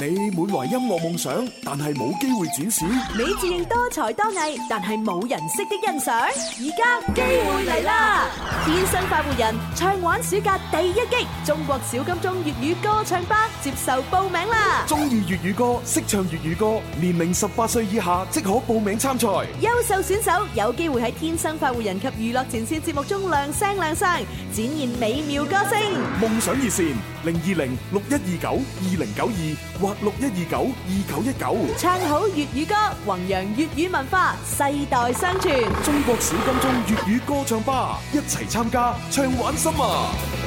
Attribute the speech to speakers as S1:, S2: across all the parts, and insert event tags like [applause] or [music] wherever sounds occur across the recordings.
S1: 你滿懷音樂夢想，但係冇機會展示；
S2: 你自認多才多藝，但係冇人識得欣賞。而家機會嚟啦！天生快活人唱玩暑假第一擊，中國小金鐘粵語歌唱班接受報名啦！
S1: 中意粵語歌，識唱粵語歌，年齡十八歲以下即可報名參賽。
S2: 優秀選手有機會喺天生快活人及娛樂前線節目中亮聲亮聲，展現美妙歌聲。
S1: 夢想熱線零二零六一二九二零九二。六一二九二九一九，9, 唱
S2: 好粵語歌，弘揚粵語文化，世代相傳。中國小
S1: 金鐘粵語歌唱吧，一齊參加，唱玩
S3: 心啊！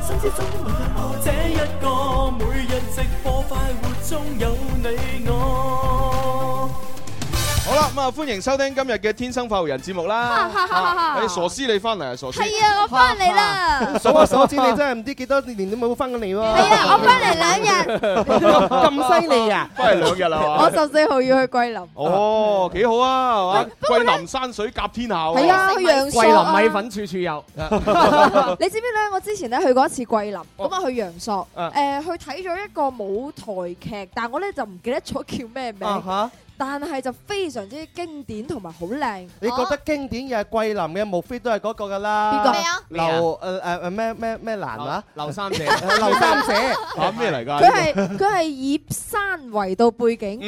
S3: 心之中，我這一個每日直播快活中有你我。好啦，咁啊，歡迎收聽今日嘅
S1: 天生快活人節目啦。你傻師，你翻嚟啊，傻師。
S3: 係啊，
S4: 我翻嚟啦。數下手指，你
S5: 真係唔知幾多年都冇翻過嚟喎。係
S4: 啊，我翻嚟兩日，
S1: 咁
S5: 犀利啊！翻嚟兩日啦？我十
S4: 四號要去桂林。
S5: 哦，幾好啊，哇！桂
S1: 林山水甲天下啊，係啊，去陽朔啊，桂林米粉處處有。
S4: 你知唔知咧？我之前咧去過一次桂林，咁啊去陽朔，誒，去睇咗一個舞台劇，但係我咧就唔記得咗叫咩名。啊但係就非常之經典同埋好靚。
S5: 你覺得經典嘅桂林嘅，無非都係嗰個㗎啦。邊個啊？劉誒誒誒咩咩咩男啊？劉三姐。劉三姐講咩嚟㗎？佢係佢係以
S4: 山為到背景，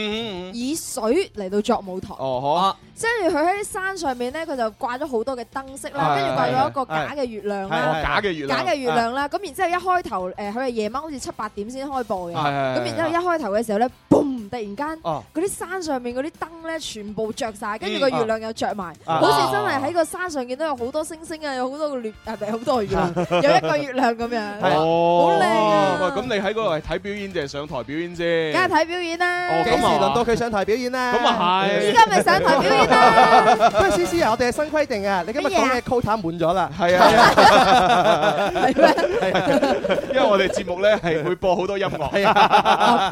S4: 以水嚟到作舞台。哦，好啊。即係佢喺山上面咧，佢就掛咗好多嘅燈飾啦，跟住掛咗一個假嘅月亮啦，假嘅月亮，假嘅月亮啦。咁然之後一開頭，誒，佢係夜晚好似七八點先開播嘅。咁然之後一開頭嘅時候咧，嘣，突然間，嗰啲山上面嗰啲燈咧全部着晒，跟住個月亮又着埋，好似真係喺個山上見到有好多星星啊，有好多月，誒，好多月亮，有一個月亮咁樣，好
S1: 靚啊！咁你喺嗰度係睇表演定係上台表演先？梗係
S4: 睇表演啦。幾時輪到佢
S5: 上台表演啦？咁啊係。依家咪上台表演。喂，思思啊！我哋係新規定啊！你今日講嘢 quota 滿咗啦！係啊，因
S1: 為我哋節目咧係會播好多音樂。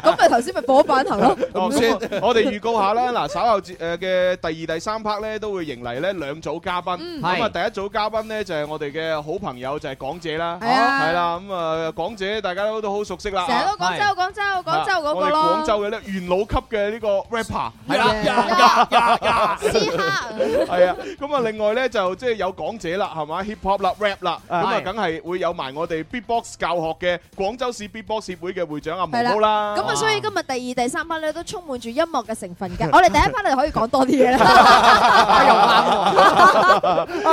S5: 咁咪頭先
S4: 咪播咗版頭咯？咁先，我哋預告下啦。
S1: 嗱，稍後誒嘅第二、第三 part 咧都會迎嚟呢兩組嘉賓。咁啊，第一組嘉賓咧就係我哋嘅好朋友就係講者啦，係啦。咁啊，講者大家都好熟悉啦。成日都
S4: 廣州廣州廣州嗰個咯。我哋
S1: 廣州嘅咧元老級嘅呢個 rapper。係啦！係啊，咁啊，另外咧就即係有講者啦，係嘛，hip hop 啦，rap 啦，咁啊，梗係會有埋我哋 beat box 教學嘅廣州市 beat box 協會嘅會長阿毛毛啦。咁啊，所以今
S4: 日第二、第三 part 咧都充滿住音樂嘅成分噶。我哋第一 part 咧可以講多啲嘢啦。
S5: 加油！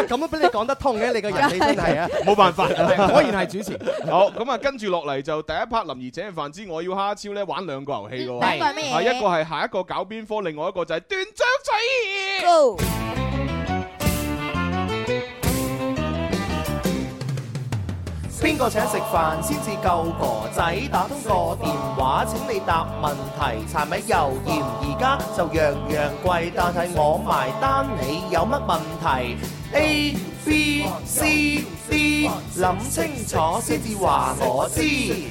S5: 咁都俾你講得通嘅，你個遊戲係啊，冇辦法，果
S1: 然係主持。好，咁啊，跟住落嚟就第一 part 林怡姐，反之我要蝦超咧玩兩個遊戲噶。係一個咩？啊，一個係下一個搞邊科，另外一個就係斷章取義。
S5: 邊個請食飯先至夠？哥仔打通個電話，請你答問題。柴米油鹽而家就樣樣貴，但係我埋單，你有乜問題？
S3: A B C
S5: D，諗 [noise] 清楚先至話我知。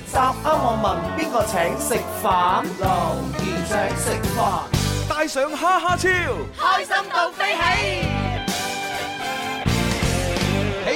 S3: [noise] 答啱我問邊個請食飯？龍兒 [noise] 請食飯，
S4: 帶上哈哈超，開心到飛起。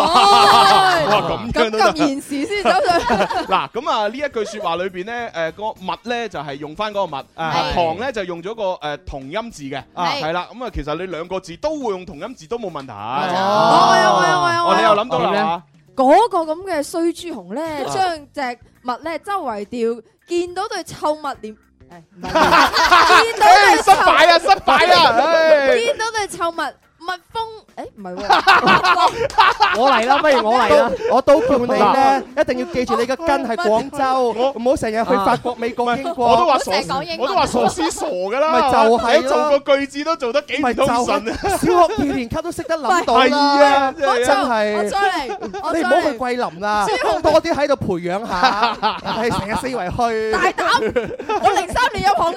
S1: 哦，咁咁咁延時先走上。嗱，咁啊呢一句說話裏邊咧，誒個物咧就係用翻嗰個物，誒旁咧就用咗個誒同音字嘅，係啦。咁啊其實你兩個字都會用同音字都冇問題。哦，我有我有我有。我你又諗到啦？
S4: 嗰個咁嘅衰豬熊咧，將隻物咧周圍掉，見到對臭物點？見到對失敗啊！失敗啊！見到對臭物。蜜蜂，誒，
S5: 唔係喎，我嚟啦，不如我嚟啦，我都叫你咧，一定要記住你個根係廣州，唔好成日去法國、美國經過。我都話傻，我都話傻斯傻噶啦，係啊，做個句子都做得幾通順，小學二年級都識得諗到啦，係啊，真係，你唔好去桂林啦，多啲喺度培養下，係成日四圍去。大
S4: 膽，我零三年入行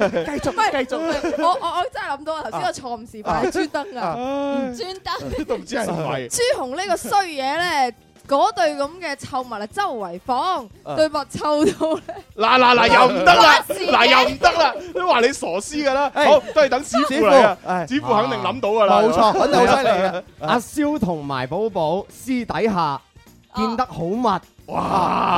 S4: 噶，繼
S5: 續，繼續，我
S4: 我我真係諗到，頭先我錯。臨時擺珠燈啊，唔專登都唔知係咪朱紅呢個衰嘢咧？嗰對咁嘅臭物啊，周圍放對物臭到咧，嗱嗱嗱
S1: 又唔得啦，嗱又唔得啦，都話你傻絲噶啦，好都係等師傅嚟啊，師傅肯定諗到噶啦，冇錯，諗得好犀利啊！阿
S5: 蕭同埋寶寶私底下見得好密，哇，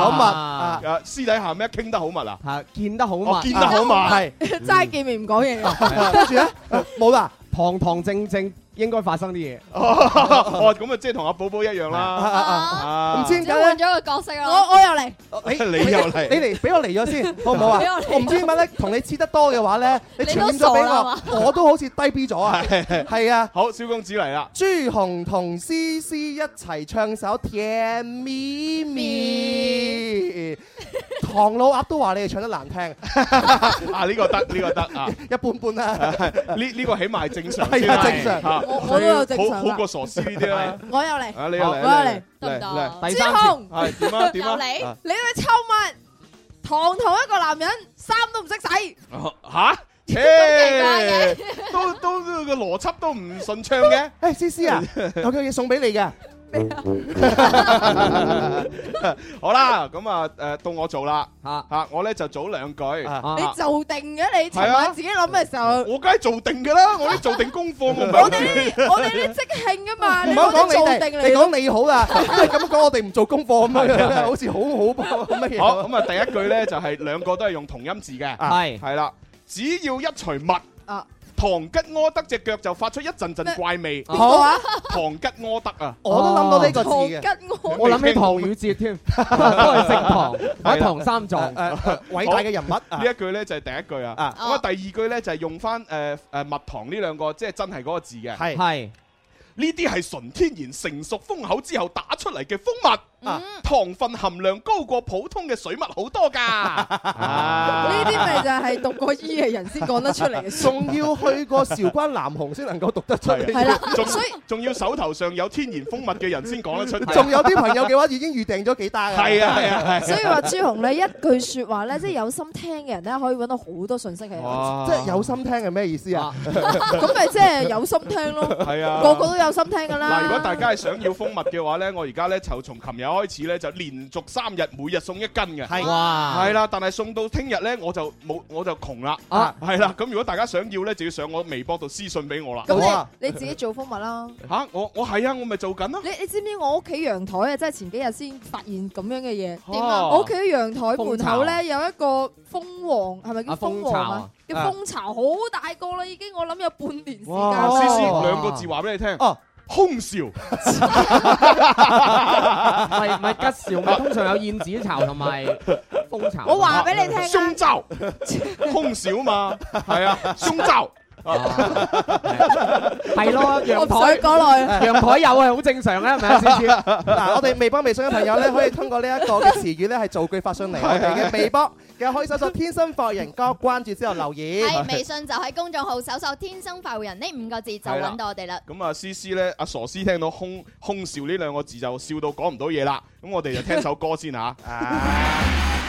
S5: 好密啊！
S1: 私底下咩傾得好密啊？係
S4: 見得好密，見得好密，係齋見面唔講嘢。跟住
S5: 咧，冇啦。堂堂正正。應該發生啲嘢，哦咁啊，即係同阿寶寶一樣啦，唔知點解換
S6: 咗個角色啊。我我又嚟，
S5: 你又嚟，你嚟俾我嚟咗先，好唔好啊？我唔知點解咧，同你黐得多嘅話咧，你傳咗俾我，我都好似低 B 咗啊，係啊，
S1: 好，小公子嚟啦，
S5: 朱紅同思思一齊唱首《甜蜜蜜》，唐老鴨都話你哋唱得難聽，
S1: 啊呢個得呢個得啊，一般般啦，呢呢個起碼係正常先，係啊正常。
S4: 我都有正
S3: 常，好
S1: 過傻 C 呢啲啦。
S4: 我又嚟，啊你又嚟，我又嚟，唔嚟。朱紅，係點啊點啊，你你去臭物，堂堂一個男人，衫都唔識洗。
S1: 吓，咁奇
S4: 都都個
S1: 邏輯都唔順暢嘅。誒思 C 啊，有嘢送俾你嘅。好啦，咁啊，誒，到我做啦，吓吓，我咧就早兩句，你做
S4: 定嘅你，尋晚，自己諗嘅時候，我梗係做定嘅啦，我啲做定功課，
S1: 我唔係我啲我啲
S5: 即
S4: 興㗎嘛，
S1: 唔好講你哋，嚟講你好啦，
S5: 咁樣講我哋唔做功課咁樣，好似好好乜嘢，好咁啊，
S1: 第一句咧就係兩個都係用同音字嘅，係係啦，只要一除物啊。唐吉柯德隻腳就發出一陣陣怪味，好啊、哦！唐吉柯德啊，我都諗到呢個字嘅，我諗起唐
S5: 禹哲添， [laughs] 都係姓唐，喺唐三藏，偉大嘅人物。呢一
S1: 句咧就係第一句啊，咁啊第二句咧就係用翻、誒誒、蜜糖呢兩個，即、就、係、是、真係嗰個字嘅，係呢啲係純天然成熟封口之後打出嚟嘅蜂蜜。糖分含量高過普通嘅水蜜好多噶，
S5: 呢啲咪就係讀過醫嘅人先講得出嚟，仲要去過韶關南雄先能夠讀得出嚟，係啦，仲所以
S1: 仲要手頭上有天然蜂蜜嘅人先講得出，仲有啲朋友嘅話
S5: 已經預訂咗幾單，係啊係啊所以話朱
S4: 紅你一句說話咧，即係有心聽嘅人咧可以搵到好多信息嘅，
S5: 即係有心聽係咩意思啊？咁咪即係
S4: 有心聽咯，係啊，個個都有心聽噶啦。嗱，如果
S1: 大家係想要蜂蜜嘅話咧，我而家咧就從琴日，開始咧就連續三日每日送一斤嘅，係哇啦，但係送到聽日咧我就冇我就窮啦，係啦。咁、啊啊、如果大家想要咧，就要上我微博度私信俾我啦。咁、啊、你 [laughs] 你自己做蜂蜜啦？吓，我我係啊，我咪做緊咯。你
S4: 你知唔知我屋企陽台啊？即係前幾日先發現咁樣嘅嘢。點啊？我屋企陽台門口咧有一個蜂王，係咪叫蜂王啊？叫蜂巢好大個啦，已經我諗有半年
S1: 時間啦。C C 兩個字話俾你聽。啊啊啊啊空巢，
S5: 唔係唔係吉兆，咪通常有燕子巢同埋蜂巢。我話
S1: 俾你聽，啊，胸罩，空巢嘛，係 [laughs] 啊，胸罩。哦，係 [laughs] [laughs] [laughs] 對咯，陽台過來，陽台 [laughs]
S5: 有係好正常咧，係咪，嗱，我哋微博微信嘅朋友咧，可以通過詞呢一個嘅詞語咧，係造句發上嚟我哋嘅微博，又可以搜索天生快活人」。加關注之後留言。 [laughs] 係、哎、微
S6: 信就喺公眾號搜索天生快活人」呢五個字就揾到我哋啦。 [laughs] 咁
S1: 啊，思思咧，阿、啊、傻思聽到空空笑呢兩個字就笑到講唔到嘢啦。咁我哋就聽首歌先吓、啊。啊 [laughs] 啊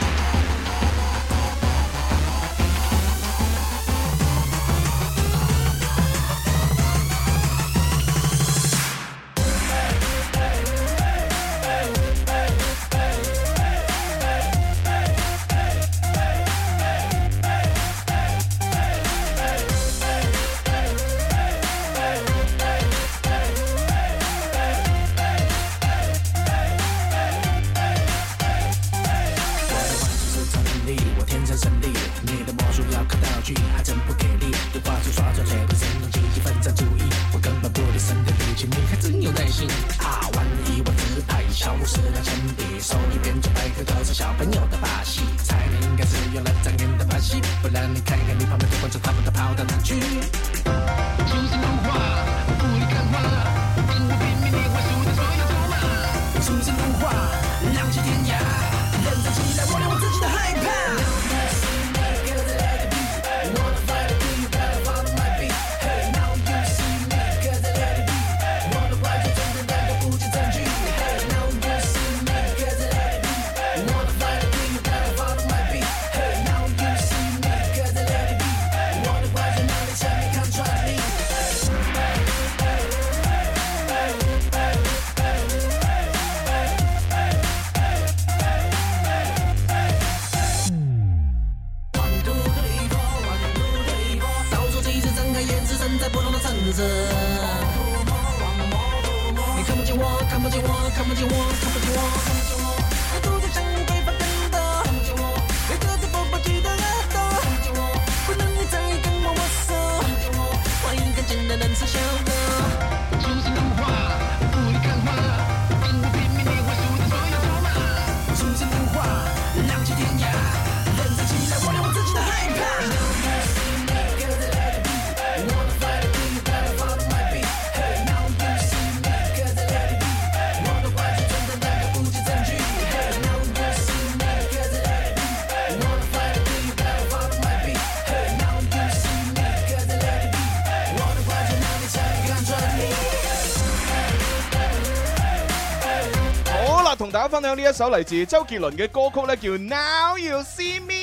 S1: 呢一首嚟自周杰倫嘅歌曲咧，叫《
S6: Now You See Me》。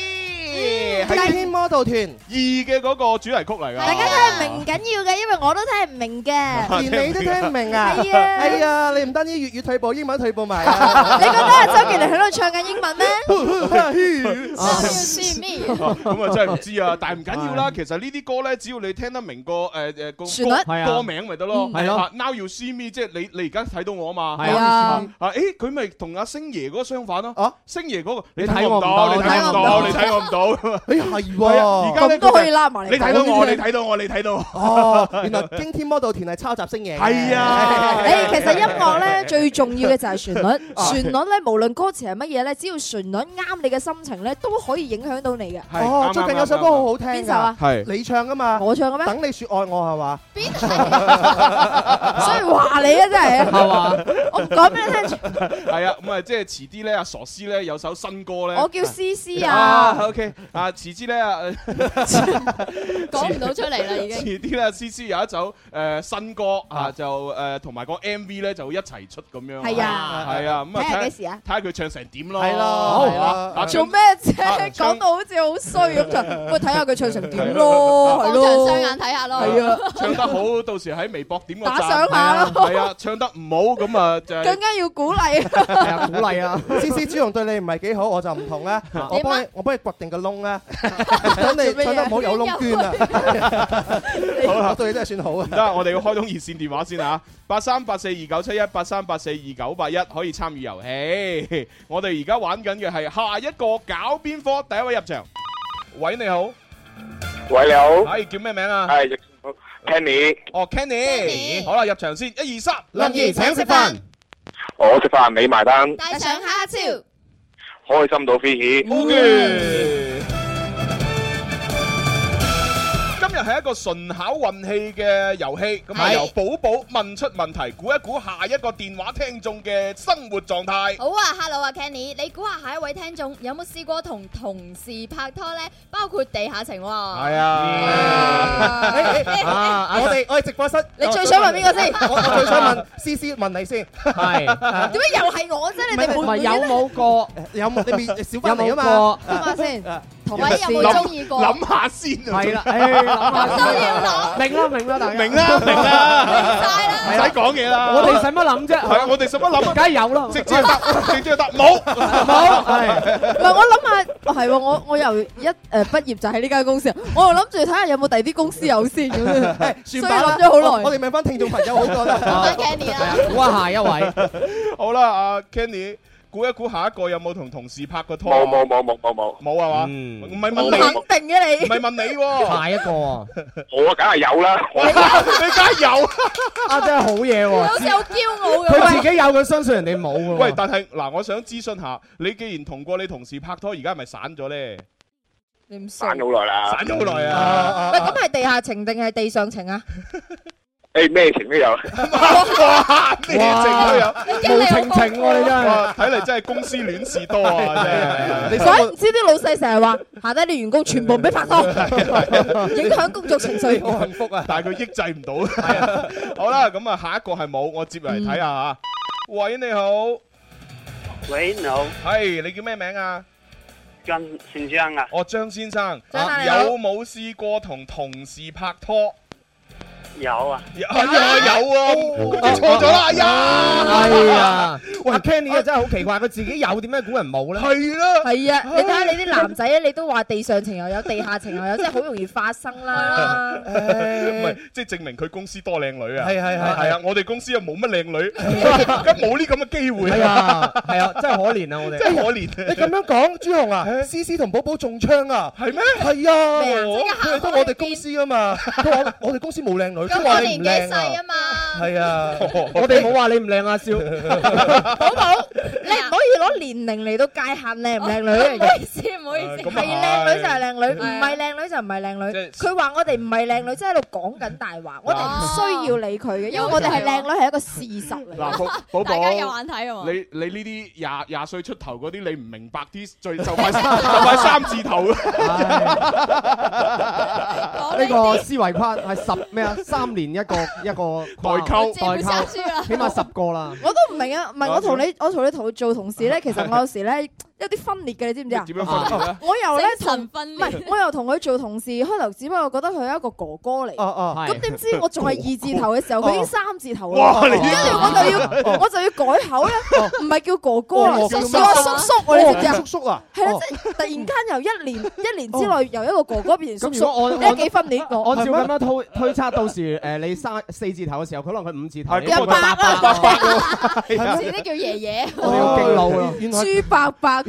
S1: 《驚天魔盜團二》嘅嗰個主題曲嚟㗎，大
S6: 家聽唔明緊要嘅，因為我都
S4: 聽唔明嘅，
S5: 連你都聽唔明啊！係啊，係啊！你唔單止粵語退步，英文退步埋。你覺得係周杰
S4: 倫喺度唱緊英文咩
S5: ？Now you see me，
S1: 咁啊真係唔知啊！但係唔緊要啦，其實呢啲歌咧，只要你聽得明個誒誒個歌歌名咪得咯，係咯。Now you see me，即係你你而家睇到我啊嘛？係啊，啊誒佢咪同阿星爺嗰個相反咯。啊，星爺嗰個你睇唔到，你睇唔到，你睇我唔到。係喎，而家都可以拉埋嚟。你睇到我，你睇到我，你睇到。哦，原來《
S5: 驚天魔盜團》係抄襲星爺。係啊。誒，其實音樂咧，最重要嘅就係旋律，旋律
S4: 咧，無論歌詞係乜嘢咧，只要旋律啱你嘅心情咧，都可以影響到你嘅。哦，最近有首歌好好聽。邊首啊？係
S5: 你唱噶嘛？我唱嘅咩？等你説愛我係嘛？邊
S4: 係？所以話你啊，
S5: 真係啊，係嘛？我
S1: 唔講俾你聽。係啊，咁啊，即係遲啲咧，阿傻師咧有首新歌咧。我叫詩詩啊。OK 阿遲啲咧，講
S2: 唔到出嚟啦，已經。遲
S1: 啲咧，思思有一首誒新歌啊，就誒同埋個 M V 咧就一齊出咁樣。係啊，係啊，咁啊睇下幾時啊，睇下佢唱成點咯。係咯，做咩
S4: 啫？講到好似好衰咁。就，咪睇下佢唱成點咯，當場雙眼睇下咯。係啊，唱得好，
S1: 到時喺微博點個讚啊。打賞下咯。係啊，
S5: 唱得唔好咁啊，就更
S4: 加要鼓勵。係
S1: 啊，鼓勵啊！
S5: 思思朱紅對你唔係幾好，我就唔同啦。我幫你，我幫你掘定個窿咧。等你唱得唔好有窿捐啊！
S1: 好，我對你真係算好啊！唔得，我哋要開通熱線電話先啊！八三八四二九七一，八三八四二九八一可以參與遊戲。我哋而家玩緊嘅係下一個搞邊科？第一位入場，喂，你好，喂，你好，哎，叫咩名啊？係 Kenny。哦，Kenny，好啦，入場先，一二三，林怡，請食飯。我食飯，你埋單。帶上蝦條，開心到飛起。係一個純考運氣嘅遊戲，咁啊由寶寶問出問題，估一估下一個電話聽眾嘅生活狀
S6: 態。好啊，hello 啊 Kenny，你估下下一位聽眾有冇試過同同事拍拖咧？包括地下情。係
S5: 啊，啊，我哋我哋直播室，你最想問邊個先？我最想問詩詩，問你先，係點解又係我啫？你哋有冇過？有冇你面？有冇過？出嚟
S4: 先。有冇中意過？諗下先，係啦，明啦，明啦，明啦，明啦，
S5: 明啦。唔使講嘢啦，我哋使乜諗啫？係啊，我哋使乜諗？梗係有啦。直接答，直接答，冇，冇。係，唔係我諗下，係喎，我我由一
S4: 誒畢業就喺呢間公司，我又諗住睇下有冇第二啲公司有先。係，所以諗咗好
S5: 耐。我哋問班聽眾朋友好多啦。問翻 Kenny 好啊，下一位，
S1: 好啦，阿 Kenny。估一估，下一個有冇同同事拍過拖？冇冇冇冇冇冇冇，係嘛？唔
S4: 係問你，
S5: 唔係問你，下一個我梗係有啦，你梗係有啊！真係好嘢喎，
S4: 好驕傲喎，佢自
S5: 己有，佢相信人哋冇喎。喂，但
S1: 係嗱，我想諮詢下，你既然同過你同事拍拖，而家係咪散咗咧？
S4: 散好耐啦，散咗好耐啊！喂，咁係地下情定係地上情啊？
S5: 誒，咩情都有，
S4: 哇，咩情都有，無情情你真係，睇嚟，真係公司亂事多啊，真係。你所知啲老細成日話，下低啲員工全部俾拍拖，影響工作情緒好幸
S1: 福啊，但係佢抑制唔到。好啦，咁啊，下一個係冇，我接嚟睇下吓。喂，你好，喂，你好，係你叫咩名啊？張，姓張啊，哦，張先生，有冇試過同同事拍拖？
S5: 有啊，係啊，有啊，你錯咗啦，哎呀，哎呀，哇，Candy 啊，真係好奇怪，佢自己有點解古人冇咧？係咯，係啊，你睇下你啲男仔，你都話地上
S4: 情又有，地下情又有，真係好容易發生啦。
S1: 唔係，即係證明佢公司多靚女啊。係係係，係啊，我哋公司又冇乜靚女，咁冇
S5: 呢咁嘅機會。係啊，係啊，真係可憐啊，我哋真係可憐。你咁樣講，朱紅啊，詩詩同寶寶中槍啊，係咩？係啊，佢係得我哋公司啊嘛，佢話我哋公司冇靚女。咁我年紀細啊嘛，係啊，我哋冇話你唔靚啊，笑啊，好
S4: 冇？你唔可以攞年齡嚟到界限靚唔靚女，唔
S6: 好意
S4: 思，唔好意思，係靚女就係靚女，唔係靚女就唔係靚女。佢話我哋唔係靚女，即係喺度講緊大話，我哋唔需要理佢嘅，因為我哋係靚女係一個事實嚟。嗱，寶寶，大家有
S1: 眼睇啊！你你呢啲廿廿歲出頭嗰啲，你唔明白啲最就係就係三字頭。
S5: 呢個思維框係十咩啊？三年一個一個代溝代溝，起碼十個啦。
S4: 我都唔明啊！唔係我同你我同你做同事咧，其實我有時咧。有啲分裂嘅你知唔知啊？我又咧同分，唔係，我又同佢做同事。開頭只不過覺得佢係一個哥哥嚟，咁點知我仲係二字頭嘅時候，佢已經三字頭啦。跟住我就要我就要改口啦，唔係叫哥
S5: 哥，叫阿叔叔，你知唔知啊？叔叔啊，係啦，即係
S4: 突然間由一年一年之內由一個哥哥變叔叔，呢幾分裂我。我照咁樣
S5: 推推測，到時誒你三四字頭嘅時候，可能佢五字頭。一百啊，五字都叫爺爺，朱伯伯。咁嘅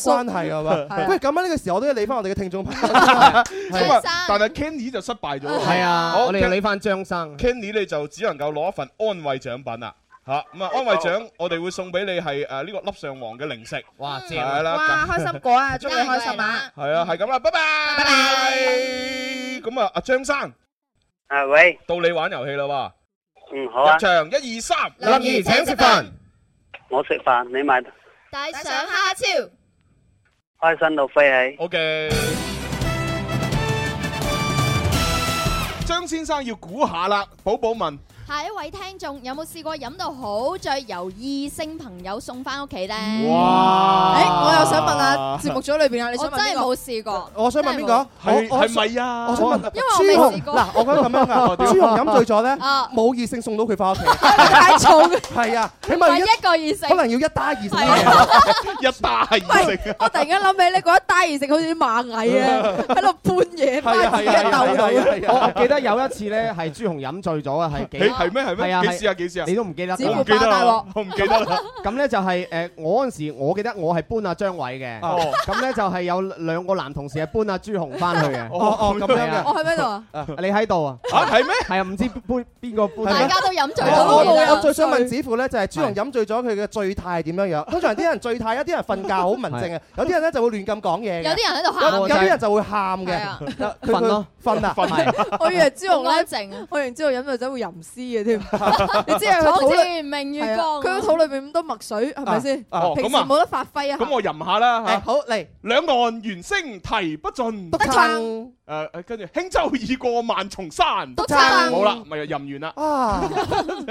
S5: 關係啊喂，咁樣呢個時候我都要理翻我哋嘅聽眾朋
S1: 友。張生，但係 Kenny 就失敗咗。係啊，我哋理
S5: 翻張生，Kenny
S1: 你就只能夠攞一份安慰獎品啦。嚇，咁啊，安慰獎我哋會送俾你係誒呢個粒上皇嘅零食。哇，謝啦，哇，開心
S4: 果啊，祝你
S1: 開心啊。係啊，係咁啦，拜拜。
S3: 拜拜。
S1: 咁啊，阿張生，啊喂，到你玩遊戲啦
S3: 喎。嗯，好，入場一二三，立兒請食飯。我食飯，你買。帶上哈超，開心到飛起。OK，張
S1: 先生要估下啦，寶
S5: 寶問。
S6: 下一位聽眾有冇試過飲到好醉，由異性朋友送翻屋企咧？
S5: 誒，我又想問下，節目組
S4: 裏
S6: 邊啊，你真係冇試過。
S5: 我想問邊個？係係咪啊？我想問。因為我未試過。嗱，我覺得咁樣啊，朱紅飲醉咗咧，冇異性送到佢翻屋企。太重。係啊，起碼一個異性。可能要一打異性。一打異性。我
S4: 突然間諗起咧，嗰一打異性好似啲螞蟻啊，喺度半夜翻啲
S5: 人樓度。我記得有一次咧，係朱紅飲醉咗啊，係幾？係咩？係咩？幾時啊？幾時啊？你都唔記得，我唔記得啦。我唔記得啦。咁咧就係誒，我嗰陣時我記得我係搬阿張偉嘅。哦。咁咧就係有兩個男同事係搬阿朱紅翻去嘅。哦哦，咁樣嘅。我喺邊度啊？你喺度啊？嚇？係咩？係啊，唔知搬邊個搬。大家都飲醉咗。我最想問子父咧，就係朱紅飲醉咗，佢嘅醉態係點樣樣？通常啲人醉態，一啲人瞓覺好文靜啊，有啲人咧就會亂咁講嘢。有啲人喺度喊。有啲人就會喊嘅。瞓咯，瞓啊！
S4: 我以為朱紅安靜啊，我以為朱紅飲醉咗會吟詩。啲
S5: 嘢添，你知好似《明月光，佢個肚
S4: 裏邊咁多墨水，係咪
S1: 先？平時冇得
S4: 發揮啊！咁
S1: 我吟下啦嚇。好嚟，兩岸猿聲啼不盡，讀得成。誒誒，跟住輕舟已過萬重山，讀得成。好啦，咪又吟完啦。
S5: 啊，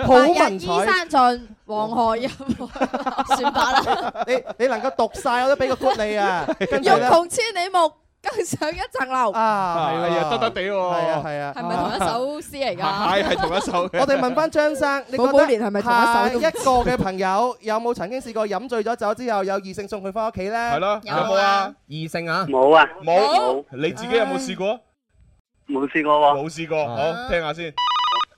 S5: 好文采。白日依山
S4: 盡，黃河入。
S5: 算罷啦。你你能夠讀晒，我都俾個 good 你啊。欲窮
S4: 千里目。跟上一
S5: 層樓啊，係啊，得得地喎，係啊，係啊，係咪
S4: 同一首詩嚟㗎？係
S5: 係同一首。我哋問翻張生，寶寶年係咪同一首？一個嘅朋友有冇曾經試過飲醉咗酒之後有異性送佢翻屋企咧？係咯，有冇啊？異性啊？冇啊，冇，
S1: 你自己有冇試過？冇試過喎，冇試過。好，聽下先。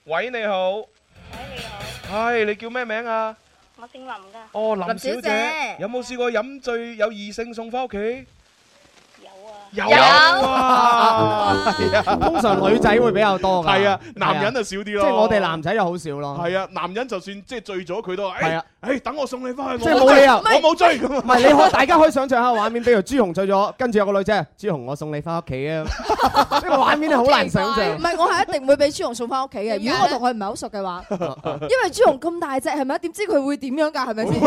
S1: 喂，你好。喂，你好。係，你叫咩名啊？我姓林㗎。哦，林小姐，有冇試過飲醉有異性送翻屋企？有啊，通常
S5: 女仔會比較多嘅，係啊，男人就少啲咯。即係我哋男仔就好少咯。係啊，
S1: 男人就算即係醉咗，佢都係。係啊，誒，等我送你翻去。即係冇理由，我冇追咁啊。唔係，可大
S5: 家可以想象下畫面，比如朱紅醉咗，跟住有個女仔，朱紅，我送你翻屋企啊。
S4: 畫面係好難想象。唔係，我係一定唔會俾朱紅送翻屋企嘅。如果我同佢唔係好熟嘅話，因為朱紅咁大隻係咪啊？點知佢會點樣㗎？係咪先？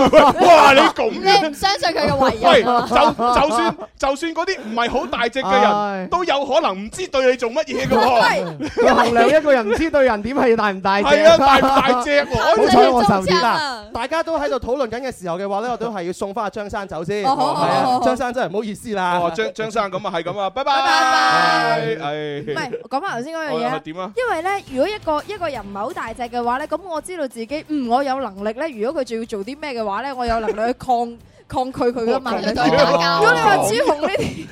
S4: 哇！你咁，你唔相信佢嘅為人？
S1: 就就算就算嗰啲唔係好大。大隻嘅
S5: 人都有可能唔知對你做乜嘢㗎喎，要衡量一個人唔知對人點，係大唔大隻。係啊，大唔大隻？唔好彩我失言啦！大家都喺度討論緊嘅時候嘅話咧，我都係要送翻阿張生走先。張
S1: 生真係唔好意思啦。張張生咁啊，係咁啊，拜拜。唔係
S4: 講翻頭先嗰樣嘢。點啊？因為咧，如果一個一個人唔係好大隻嘅話咧，咁我知道自己，嗯，我有能力咧。如果佢仲要做啲咩嘅話咧，我有能力去抗。抗拒佢嘅嘛，如果你話朱紅
S1: 呢啲，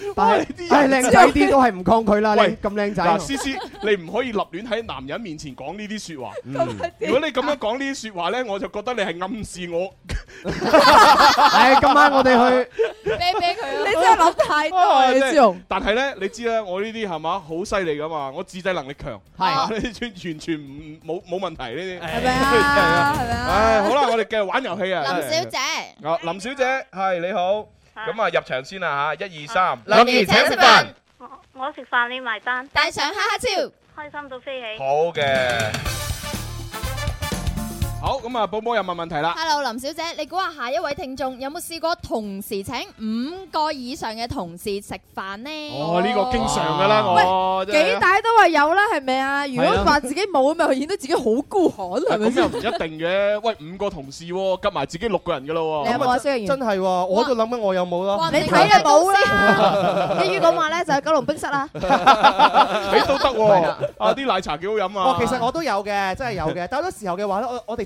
S1: 係靚仔啲都
S5: 係唔抗拒啦。你咁靚仔，詩
S1: 詩，你唔可以立亂喺男人面前講呢啲説話。如果你咁樣講呢啲説話咧，我就覺得你係暗示我。係今晚我哋去
S4: 啤啤佢。你真係諗太多啊，朱紅。
S1: 但係咧，你知啦，我呢啲係嘛，好犀利噶嘛，我自制能力強，係完全完全唔冇冇問題呢啲。係咪啊？
S3: 係咪啊？唉，好
S1: 啦，我哋繼續玩遊戲啊。林小姐。啊，林小姐。係你好，咁啊入場先啦吓，一二三，林怡請食
S3: 飯，
S2: 我食飯你埋單，帶上哈哈照，開心到飛
S1: 起，好嘅。好，咁啊，寶寶又問問題啦。
S6: Hello，林小姐，你估下下一位聽眾有冇試過同時請五個以上嘅同事食飯呢？哦，呢個
S1: 經常嘅啦。喂，幾
S6: 大都話,有啦，係咪啊？如果話
S4: 自己冇咪，佢顯得自己好孤寒，
S1: 係咪？咁又唔一定嘅。喂，五個同事，夾埋自己六個人噶啦，你有冇
S5: 啊？真係，我喺度諗緊我有冇啦。你睇就冇啦。
S1: 一
S5: 於咁話咧，就係九龍冰室啦。你都得啊？啲奶茶幾好飲啊！其實我都有嘅，真係有嘅。但係有時候嘅話我哋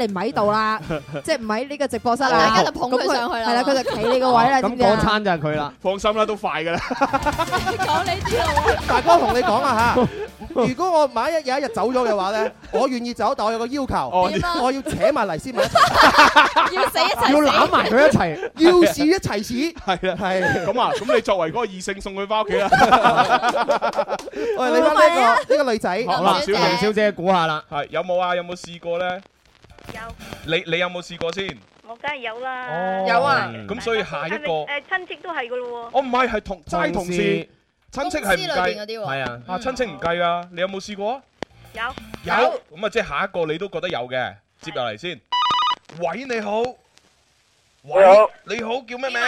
S4: 你唔喺度啦，即係唔喺呢個直播室啦，一陣就捧佢上去啦。係
S5: 啦，佢就企你個位啦。咁當
S1: 餐就係佢啦。放心啦，都快噶啦。
S5: 講你知啦，大哥同你講啊吓，如果我萬一有一日走咗嘅話咧，我願意走，但係我有個要求，我要扯埋嚟，先要死一齊，要攬埋佢一齊，要是一齊死。係啊，係。咁啊，咁
S1: 你作為嗰個異性送佢翻屋企啦。
S5: 喂，你翻呢個呢個女仔，小玲小
S1: 姐，估下啦，係有冇啊？有冇試過咧？有，你你有冇試過先？
S7: 我梗係有啦，有啊。
S1: 咁所以下一個，誒親
S7: 戚都係噶
S1: 咯喎。我唔係係同齋同事，親
S7: 戚係唔計。係啊，啊親
S1: 戚唔計啊，你有冇試過啊？有有，咁啊即係下一個你都覺得有嘅，接入嚟先。喂你好，喂你好，叫咩名？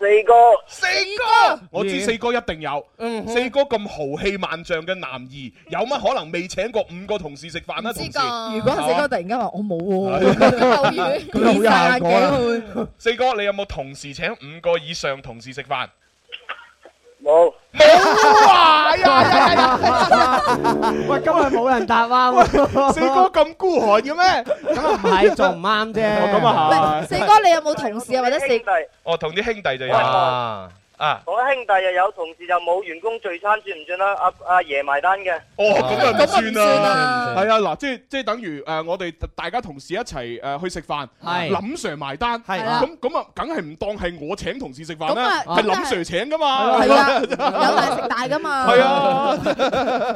S1: 四哥，四哥個，我知四哥一定有。嗯，四哥咁豪氣萬丈嘅男兒，嗯、有乜可能未請過五個同事食飯啊？知同事如果四哥
S4: 突然間話 [laughs] 我冇、啊，佢唔夠面？二
S1: 四哥，你有冇同時請五個以上同事食飯？
S4: 冇，冇啊、哎！呀呀
S3: 哇喂，哦、今日冇人答啊喂！四哥
S4: 咁孤寒嘅咩？咁啊唔係，做唔啱啫。
S1: 咁啊係。喂是四哥
S4: 你有冇同
S5: 事啊？或者四弟？
S1: 我同啲兄弟就有啊。
S5: 啊，我兄弟又有同事又冇員工聚餐，算唔算啦？阿阿爺埋單嘅。哦，咁啊唔算啦。
S1: 係啊，嗱，即係即係等於誒，我哋大家同事一齊誒去食飯，林 sir 埋單，咁咁啊，梗係唔當係我請同事食飯啦，係林 sir 請噶嘛，有大食大噶嘛。
S5: 係啊，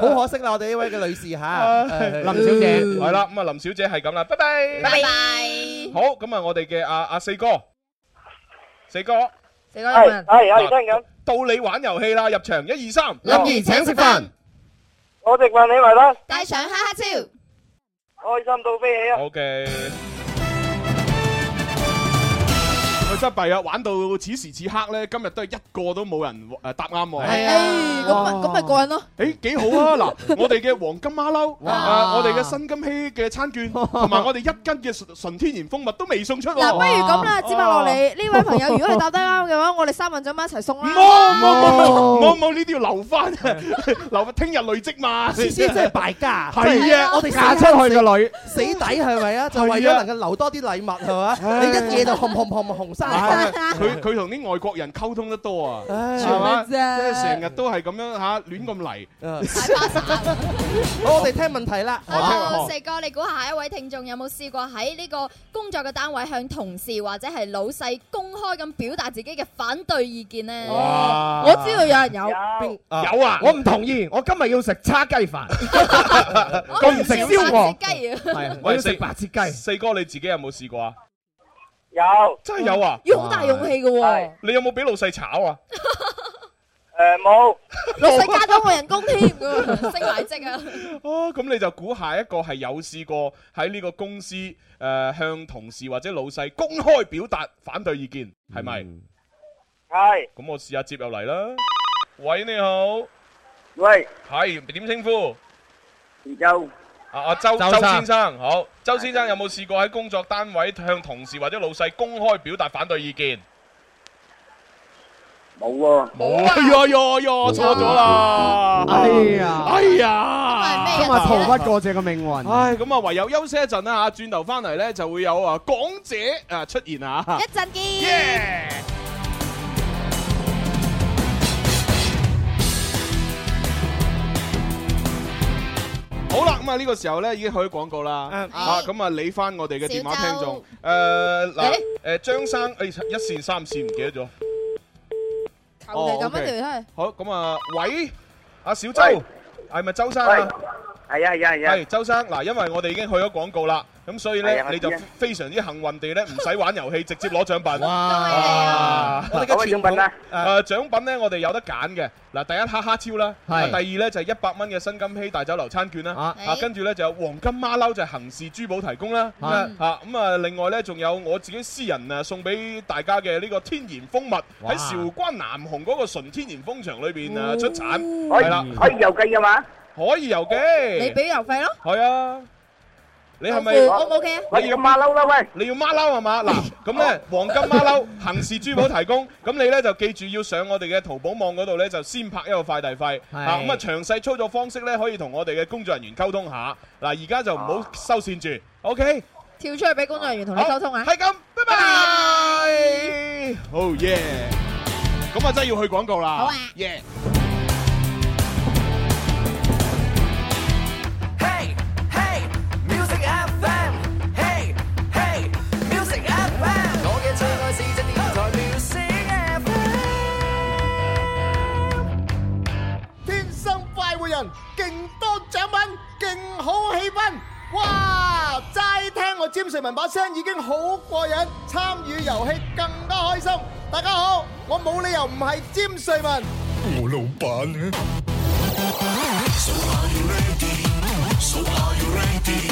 S5: 好可惜啦，我哋呢位嘅女士嚇，林小姐，係啦，
S1: 咁啊林小姐係咁啦，拜拜，拜
S3: 拜。
S1: 好，咁啊我哋嘅阿阿四哥，四哥。
S3: 係係，阿二生咁
S1: 到你玩遊戲啦！入場一二
S3: 三，林兒請食飯，
S1: 我食飯你嚟啦！
S6: 戴上哈哈超，
S3: 開心到飛起啊
S1: ！OK。失敗啊！玩到此時此刻咧，今日都係一個都冇人誒答啱喎。係啊，咁
S4: 咪咁咪過癮咯。
S1: 誒幾好啊！嗱，我哋嘅黃金馬騮，我哋嘅新金禧嘅餐券，同埋我哋一斤嘅純純天然蜂蜜都未送出。嗱，不如咁啦，接落嚟呢位朋友，如果你答
S4: 得啱嘅話，我哋三份獎一齊送啦。唔好唔好唔好唔好，呢啲要
S1: 留翻，留聽日累積嘛。先生真係敗家。係啊，我哋嫁出去嘅
S5: 女死底係咪啊？就為咗能夠留多啲禮物係嘛？你一嘢就冚冚冚冚生。佢佢
S1: 同啲外國人溝通得多啊，係嘛、啊，即係成日都係咁樣吓，亂咁嚟。
S5: 好，我哋聽問題啦。阿、啊、四
S6: 哥，你估下一位聽眾有冇試過喺呢個工作嘅單位向同事或者係老細公開咁表達自己嘅反對意見呢？
S5: 我知道有人有有，有，啊有啊，我唔同意，我今日要食叉雞飯，我唔食燒鵝，
S4: 係
S1: 我要食白切雞。四哥你自己有冇試過啊？
S4: 有真係有啊，要好哇大勇氣㗎、啊。係
S1: 是你有冇俾老細炒啊？誒、 [laughs] 呃，冇。老細加
S4: 咗我人工添 [laughs] 升埋職啊。
S1: 哦，咁你就估下一個係有試過喺呢個公司誒、呃、向同事或者老細公開表達反對意見，係咪、嗯？係。咁是我試下接入嚟啦。喂，你好。喂。係點稱呼？陳啊啊周周先生,周先生好，周先生有冇試過喺工作單位向同事或者老細公開表達反對意見？冇啊，冇啊。哎呀哎呀，錯咗啦！
S5: 哎呀，哎呀，錯今日逃不過這個命運。唉、哎，
S1: 咁啊唯有休息一陣啦吓，轉頭翻嚟咧就會有啊講者啊出現啊，一陣見。Yeah. 好啦，咁啊呢個時候咧已經可以廣告啦。啊，咁啊理翻我哋嘅電話聽眾。誒，嗱，誒張生，誒一線三線唔記得咗。求其撳一條都係。好，咁啊，喂，阿小周，係咪周生啊？係啊係啊係啊！係周生嗱，因為我哋已經去咗廣告啦，咁所以咧你就非常之幸運地咧唔使玩遊戲直接攞獎品。哇！我哋嘅獎品咧，誒獎品咧我哋有得揀嘅。嗱，第一哈哈超啦，第二咧就係一百蚊嘅新金禧大酒樓餐券啦。啊，跟住咧就有黃金馬騮，就係恒氏珠寶提供啦。啊，咁啊，另外咧仲有我自己私人啊送俾大家嘅呢個天然蜂蜜，喺韶關南雄嗰個純天然蜂場裏邊啊出產。可以，可以郵寄嘅嘛？可以郵寄，你俾郵費咯。係啊，你係咪？O 唔 OK 啊？我要馬騮啦喂，你要馬騮係嘛？嗱，咁咧黃金馬騮，恒氏珠寶提供。咁你咧就記住要上我哋嘅淘寶網嗰度咧，就先拍一個快遞費。啊，咁啊詳細操作方式咧，可以同我哋嘅工作人員溝通下。嗱，而家就唔好收線住。OK，
S4: 跳出去俾工作人員同你溝通啊。係咁，拜拜。Oh
S1: yeah，咁啊真係要去廣告啦。好
S4: 啊。Yeah。
S5: 勁多獎品，勁好氣氛，哇！齋聽我詹瑞文把聲已經好過癮，參與遊戲更加開心。大家好，我冇理由唔係詹瑞文。我老闆
S3: 啊！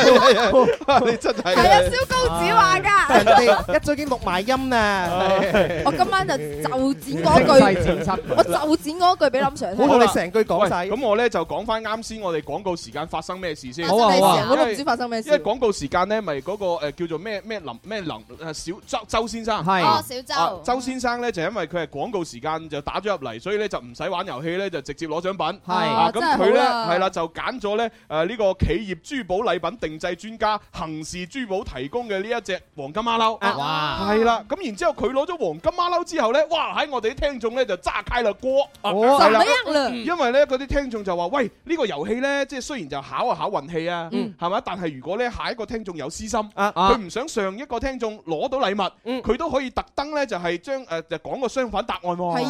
S1: 係啊！你真係
S4: 係啊！
S5: 小高子話噶一早已經錄埋音啦。我今晚就就剪嗰句，我就
S4: 剪嗰句俾林 sir 聽。好啦，成句講晒。
S1: 咁我咧就講翻啱先，我哋廣告時間發生咩事先？好啊好啊！我都唔知發生咩事。因為廣告時間咧，咪嗰個誒叫做咩咩林咩林誒小周周先生。係哦，小周。周先生咧就因為佢係廣告時間就打咗入嚟，所以咧就唔使玩遊戲咧，就直接攞獎品。係啊，咁佢咧係啦，就揀咗咧誒呢個企業珠寶禮品定。控制專家行事珠寶提供嘅呢一隻黃金馬騮，係啦，咁然之後佢攞咗黃金馬騮之後呢，哇喺我哋啲聽眾呢就炸開啦鍋，係啦，因為呢嗰啲聽眾就話喂呢個遊戲呢，即係雖然就考啊考運氣啊，係咪？但係如果呢下一個聽眾有私心啊，佢唔想上一個聽眾攞到禮物，佢都可以特登呢就係將誒就講個相反答案喎，係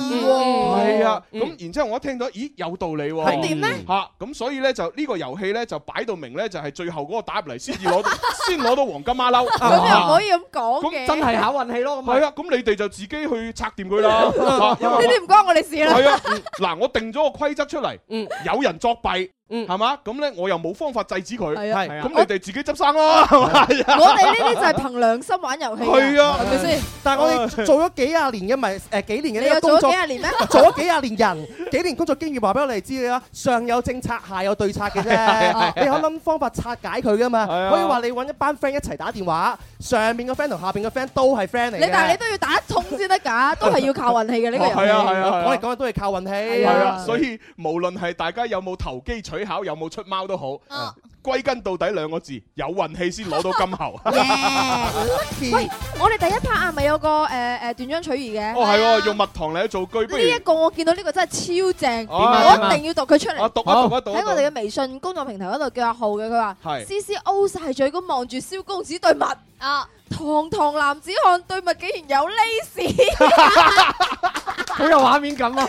S1: 係啊，咁然之後我一聽到咦有道理喎，係點呢？吓，咁所以呢，就呢個遊戲呢就擺到明呢，就係最後嗰 [laughs] 我打入嚟先至攞，到，先攞到黃金馬騮。咁、啊啊、又唔可以咁
S4: 講咁真係考運氣咯。係 [laughs] 啊，
S1: 咁你哋就自己去拆掂佢啦。呢啲唔
S4: 關我哋事啦。係 [laughs] 啊，
S1: 嗱、嗯，我定咗個規則出嚟，嗯、有人作弊。嗯，係嘛？咁咧，我又冇方法制止
S5: 佢。係啊，咁你哋自己執生咯，係嘛？我哋呢啲就係
S4: 憑良心玩遊戲。係啊，係咪先？但係我
S5: 哋做咗幾廿年嘅，咪誒幾年嘅呢個工作。你又做幾廿年咩？做咗幾廿年人，幾年工作經驗話俾我哋知你啊。上有政策，下有對策嘅啫。你可諗方法拆解佢㗎嘛？可以話你揾一班 friend 一齊打電話，上面嘅 friend 同下邊嘅 friend 都係 friend 嚟。你但係你
S4: 都要打一通先得㗎，都係要靠運氣嘅呢個人。
S5: 係啊係啊係啊！我哋講嘅都係靠運
S2: 氣。係啊，所以
S1: 無論係大家有冇投機取。你考有冇出貓都好，歸根到底兩個字，有運氣先攞到金猴。喂，
S2: 我哋第
S4: 一 part 啊，咪有個誒誒斷章取義嘅。哦係，
S1: 用蜜糖嚟做居。呢一
S4: 個我見到呢個真係超正，我一定要讀佢出嚟。我讀啊讀啊讀啊！喺我哋嘅微信公眾平台嗰度叫阿浩嘅，佢話，係 C C O 晒嘴咁望住蕭公子對蜜啊，堂堂男子漢對蜜竟然有呢事。
S5: 好有畫面感啊！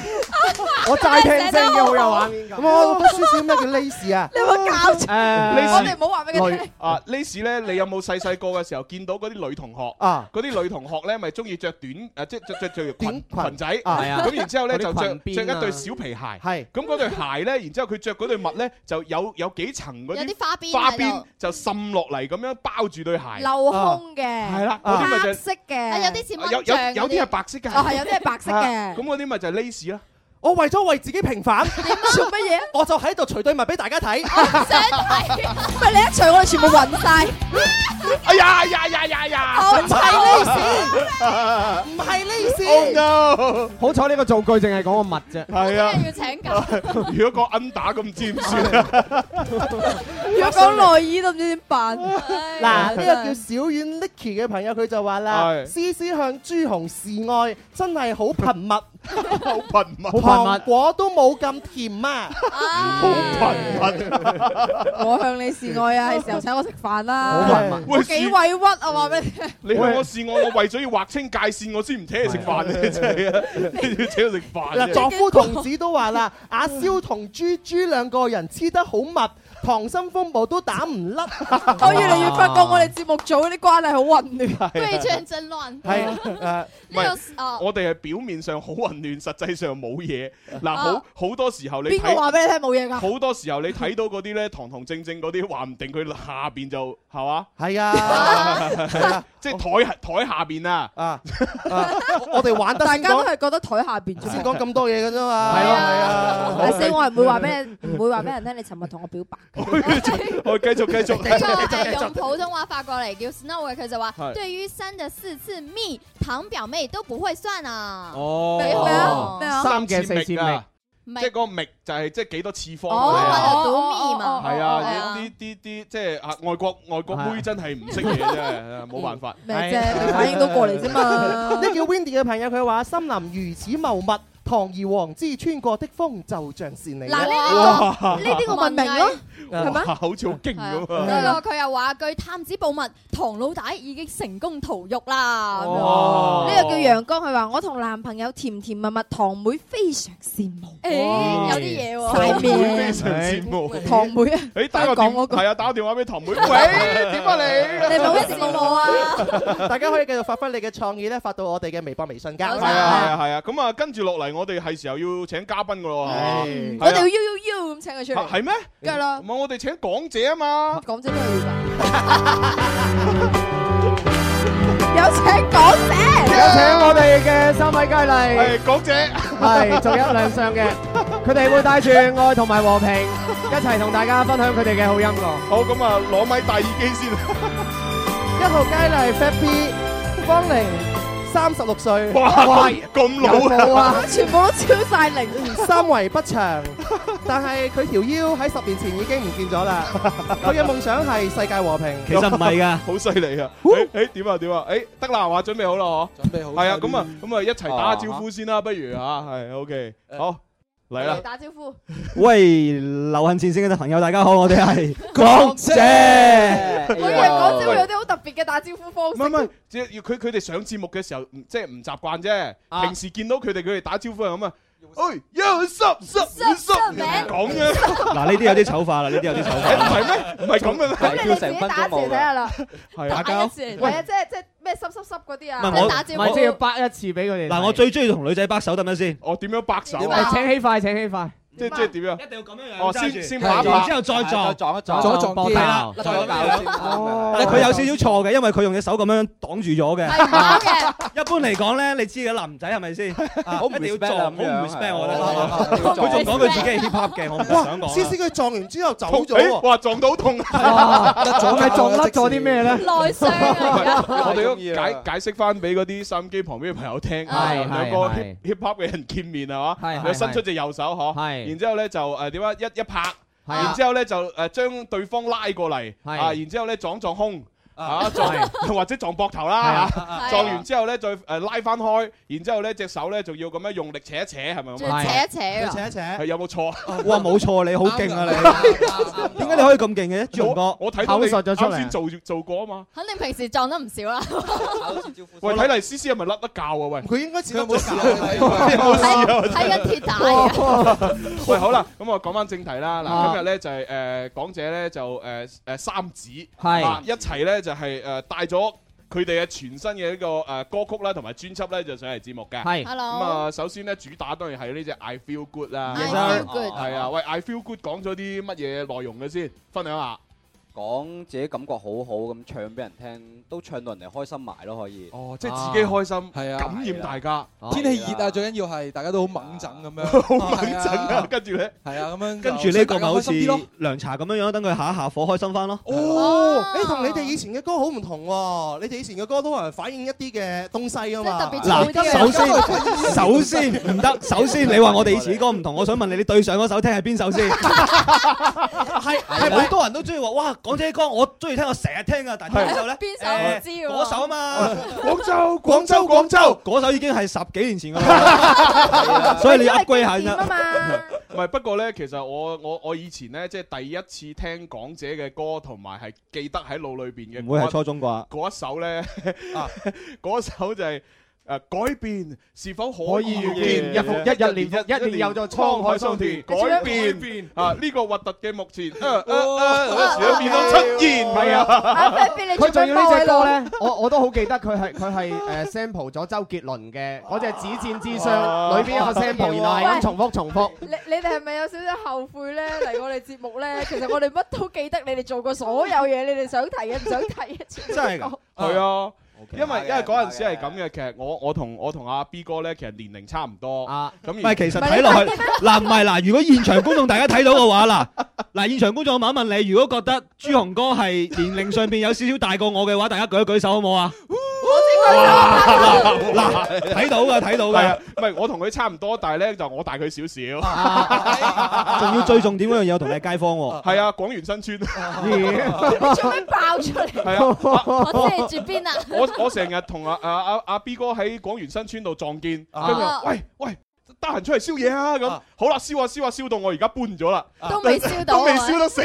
S5: 我再聽聲嘅好有畫面感。咩叫 lace 啊？你有冇教？我哋唔好話
S4: 俾
S1: 佢聽。啊 lace 咧，你有冇細細個嘅時候見到嗰啲女同學？啊，嗰啲女同學咧，咪中意着短誒，即着着著裙裙仔。啊，係啊。咁然之後咧，就着着一對小皮鞋。係。咁嗰對鞋咧，然之後佢着嗰對襪咧，就有有幾層嗰啲花邊，花邊就滲落嚟咁樣包住對鞋。鏤空嘅。係啦。黑色
S5: 嘅。有啲有有啲係白色嘅。哦，係有啲係白色嘅。咁嗰啲咪就係 lacy 啦！我為咗為自己平反，做乜嘢？我就喺度除對襪俾大家睇。唔你一除我哋全部暈晒。哎呀呀呀呀呀！唔係 lacy，唔係 lacy。好彩呢個造句淨係講個襪啫。係啊，要請教。如果講 under 咁尖酸，如果講內衣都唔知點辦？嗱，呢個叫小丸 Nicky 嘅朋友佢就話啦：，C C 向朱紅示愛，真係好頻密。好貧民，糖果都冇咁甜啊！好貧民，我向你示愛啊，係時候請我食飯啦！好貧民，喂，幾委屈啊！話俾你聽，你向我示愛，我
S1: 為咗要劃清界線，我先唔請你食飯啫，真係啊！你要請我食飯。作夫同志
S5: 都話啦，阿蕭同豬豬兩個人黐得好密，溏心風暴都打唔甩。我越嚟越發覺我哋節目組啲關係好混
S4: 亂，非常之亂。
S1: 係誒。我哋係表面上好混亂，實際上冇嘢。嗱，好好多時候你邊個話俾你聽冇嘢㗎？好多時候你睇到嗰啲咧，堂堂正正嗰啲，話唔定佢下邊就係嘛？係啊，即係台台下邊啊！啊，我哋玩得大
S4: 家都係覺得台下邊先講咁多嘢㗎啫嘛。係啊，所以我唔會話俾你，唔會話俾人聽。你尋日同我表白，
S1: 我繼續繼續。
S6: 又用普通話發過嚟叫 Snow 嘅，佢就話：對於新嘅四次冪，堂表妹。你都唔會算啊？
S1: 哦，咩啊？三嘅四次冪，即係嗰個冪就係即係幾多次方嚟啊？係啊，啲啲啲即係啊外國外國妹真係唔識嘢啫，冇辦法。係啫，反應到過嚟
S5: 啫嘛。你叫 Windy 嘅朋友，佢話森林如此茂密，堂而皇之穿過的風就像是你。嗱，呢呢啲我問明咯。係咩？好似好驚咁啊！不過
S6: 佢又話句探子報密，唐老大已經成功逃獄啦！
S3: 哇！呢個叫
S4: 陽光，佢話我同男朋友甜甜蜜蜜，堂妹非常羨慕。誒，有啲嘢喎，堂妹非常羨慕。堂妹啊！誒，打個電話係啊！
S1: 打電話俾堂妹，喂，點啊你？你冇乜羨慕我啊？大家可以繼續發揮你
S5: 嘅創意咧，發到我哋嘅微博、微信夾。係啊
S1: 係啊！咁啊，跟住落嚟，我哋係時候要請嘉賓噶啦！我哋要
S5: 邀邀邀咁請佢出嚟。係咩？梗係啦。我哋請港姐啊嘛，
S1: 港姐都係要噶，
S3: 有請
S5: 港姐，有請我哋嘅三位佳麗，係港姐，係仲有兩雙嘅，佢哋會帶住愛同埋和平，一齊同大家分享佢哋嘅好音樂。好，咁啊攞咪戴耳機先，一號佳麗 Fat P，方寧。三十六歲，哇，咁哇老啊！全部都超晒齡，三圍不長， [laughs] 但係佢條腰喺十年前已經唔見咗啦。佢嘅 [laughs] 夢想係世界和平，其實唔係噶， [laughs] 好犀利、哦欸欸、啊！喂，誒，點啊點啊，
S1: 誒得啦，話準備好啦嗬、啊，準備好，係啊，咁啊，咁啊，一齊打招呼先啦，啊、不如嚇、啊，係 OK，好。.嚟啦！來打招
S5: 呼，喂，流行前線嘅朋友，大家好我，我哋係講者。我以為講者
S4: 會有啲好特別嘅打招呼方式喂。唔係唔係，即係佢佢哋上
S1: 節目嘅時候，即係唔習慣啫。啊、平時見到佢哋佢哋打招呼係咁啊。
S4: 哎，濕濕濕，咁樣。
S8: 嗱，呢啲有啲
S5: 醜化啦，呢啲有啲醜化，唔係咩？唔係咁嘅咩？叫成班打字睇下啦，
S4: 打一次。喂，即即咩濕濕濕嗰啲啊？唔係，唔係，即要
S5: 掰一次俾佢哋。嗱，我最中意同女仔掰手，得唔得先？我點樣掰手？請起快，請起快！即即係點樣？一定要咁樣樣先先打，然之後再撞，撞一撞，再撞爆佢。係啦，再咁樣樣。但係佢有少少錯嘅，因為佢用隻手咁樣擋住咗嘅。一般嚟講咧，你知嘅男仔係咪先？好唔會撞，好唔會 spare 我哋。佢仲講佢自己係 hip hop 嘅，我唔想講。思思，佢撞完之後走咗哇，撞到痛。撞係撞甩咗啲咩咧？內傷。我哋要
S1: 解解釋翻俾嗰啲收音機旁邊嘅朋友聽。係兩個 hip hop 嘅人見面係嘛？係。伸出隻右手嗬。係。然之後咧就誒點啊一一拍，然之後咧就誒將、呃、對方拉過嚟，是的 啊然之後咧撞撞胸。啊，再或者撞膊頭啦，撞完之後咧再誒拉翻開，然之後咧隻手咧仲要咁樣用力扯一扯，係咪咁？扯一扯，扯一扯，係有冇錯
S5: 啊？哇，冇錯，你好勁啊！你點解你可以咁勁嘅？朱
S1: 雄我睇到你，啱先做做過啊嘛，
S6: 肯定平時撞得唔少啦。
S1: 喂，睇嚟思思係咪甩得教啊？喂，佢應該前，冇事啊，冇事啊，真係。係鐵打。喂，好啦，咁我講翻正題啦。嗱，今日咧就係誒講者咧就誒誒三子係一齊咧。就係誒帶咗佢哋嘅全新嘅一個誒歌曲啦，同埋專輯咧就上嚟節目嘅。係咁啊，首先咧主打當然係呢隻 I Feel Good 啦。I Feel Good 係啊，喂，I Feel Good 講咗啲乜嘢內容嘅先，分享下。
S5: 講自己感覺好好咁唱俾人聽，都唱到人哋開心埋咯，可以。哦，即係自己開心，感染大家。天氣熱啊，最緊要係大家都好猛陣咁樣。好猛陣啊！跟住咧，係啊，咁樣跟住呢個咪好似涼茶咁樣樣，等佢下一下火開心翻咯。哦，你同你哋以前嘅歌好唔同喎？你哋以前嘅歌都係反映一啲嘅東西啊嘛。特首先，首先唔得。首先，你話我哋以前啲歌唔同，我想問你，你對上嗰首聽係邊首先？係係好多人都中意話哇！港姐歌我中意聽，我成日聽噶，但係呢首咧？邊、欸、首我知嗰首啊嘛， [laughs] 廣州，廣州，廣州，嗰首已經係十幾年前噶啦，所以你呃 update 下啫。
S1: 唔係，不過咧，其實我我我以前咧即係第一次聽港姐嘅歌，同埋係記得喺腦裏邊嘅。唔會係初中啩？嗰一首咧，嗰、啊、首就係、是。誒，改變是否可以預見？一復一，一年一一年又再滄海桑田。改變啊，呢個核突嘅目前，啊啊啊，全部變到
S5: 出現。係
S4: 啊，
S1: 佢仲要呢隻
S5: 歌咧，我我都好記得，佢係佢係誒 sample 咗周杰倫嘅嗰隻《止戰之殤》裏邊一個 sample，然後係咁重複重複。
S4: 你你哋係咪有少少後悔咧嚟我哋節目咧？其實我哋乜都記得，你哋做過所有嘢，你哋想睇嘅唔想睇嘅。真係噶，
S1: 係啊。Okay. 因為因為嗰陣時係咁嘅，其實我我同我同阿 B 哥咧，其實年齡差唔多。咁唔係其實睇落去
S5: 嗱，唔係嗱。如果現場觀眾大家睇到嘅話，嗱嗱， [laughs] 現場觀眾，我問一問你，如果覺得朱紅哥係年齡上邊有少少大過我嘅話，大家舉一舉手好冇啊？
S1: 哇！嗱，睇到嘅，睇到嘅，唔係我同佢差唔多，但係咧就我大佢少少。
S5: 仲要最重點嗰樣嘢，我同你街坊喎。係
S1: 啊，廣源新村你做咩
S7: 爆出嚟。係啊，我知你住邊啊？我我
S1: 成日同阿阿阿阿 B 哥喺廣源新村度撞見，跟住喂喂。得閒出嚟燒嘢啊！咁好
S5: 啦，燒啊燒啊燒到我而家搬咗啦，都未燒到，都未燒得死，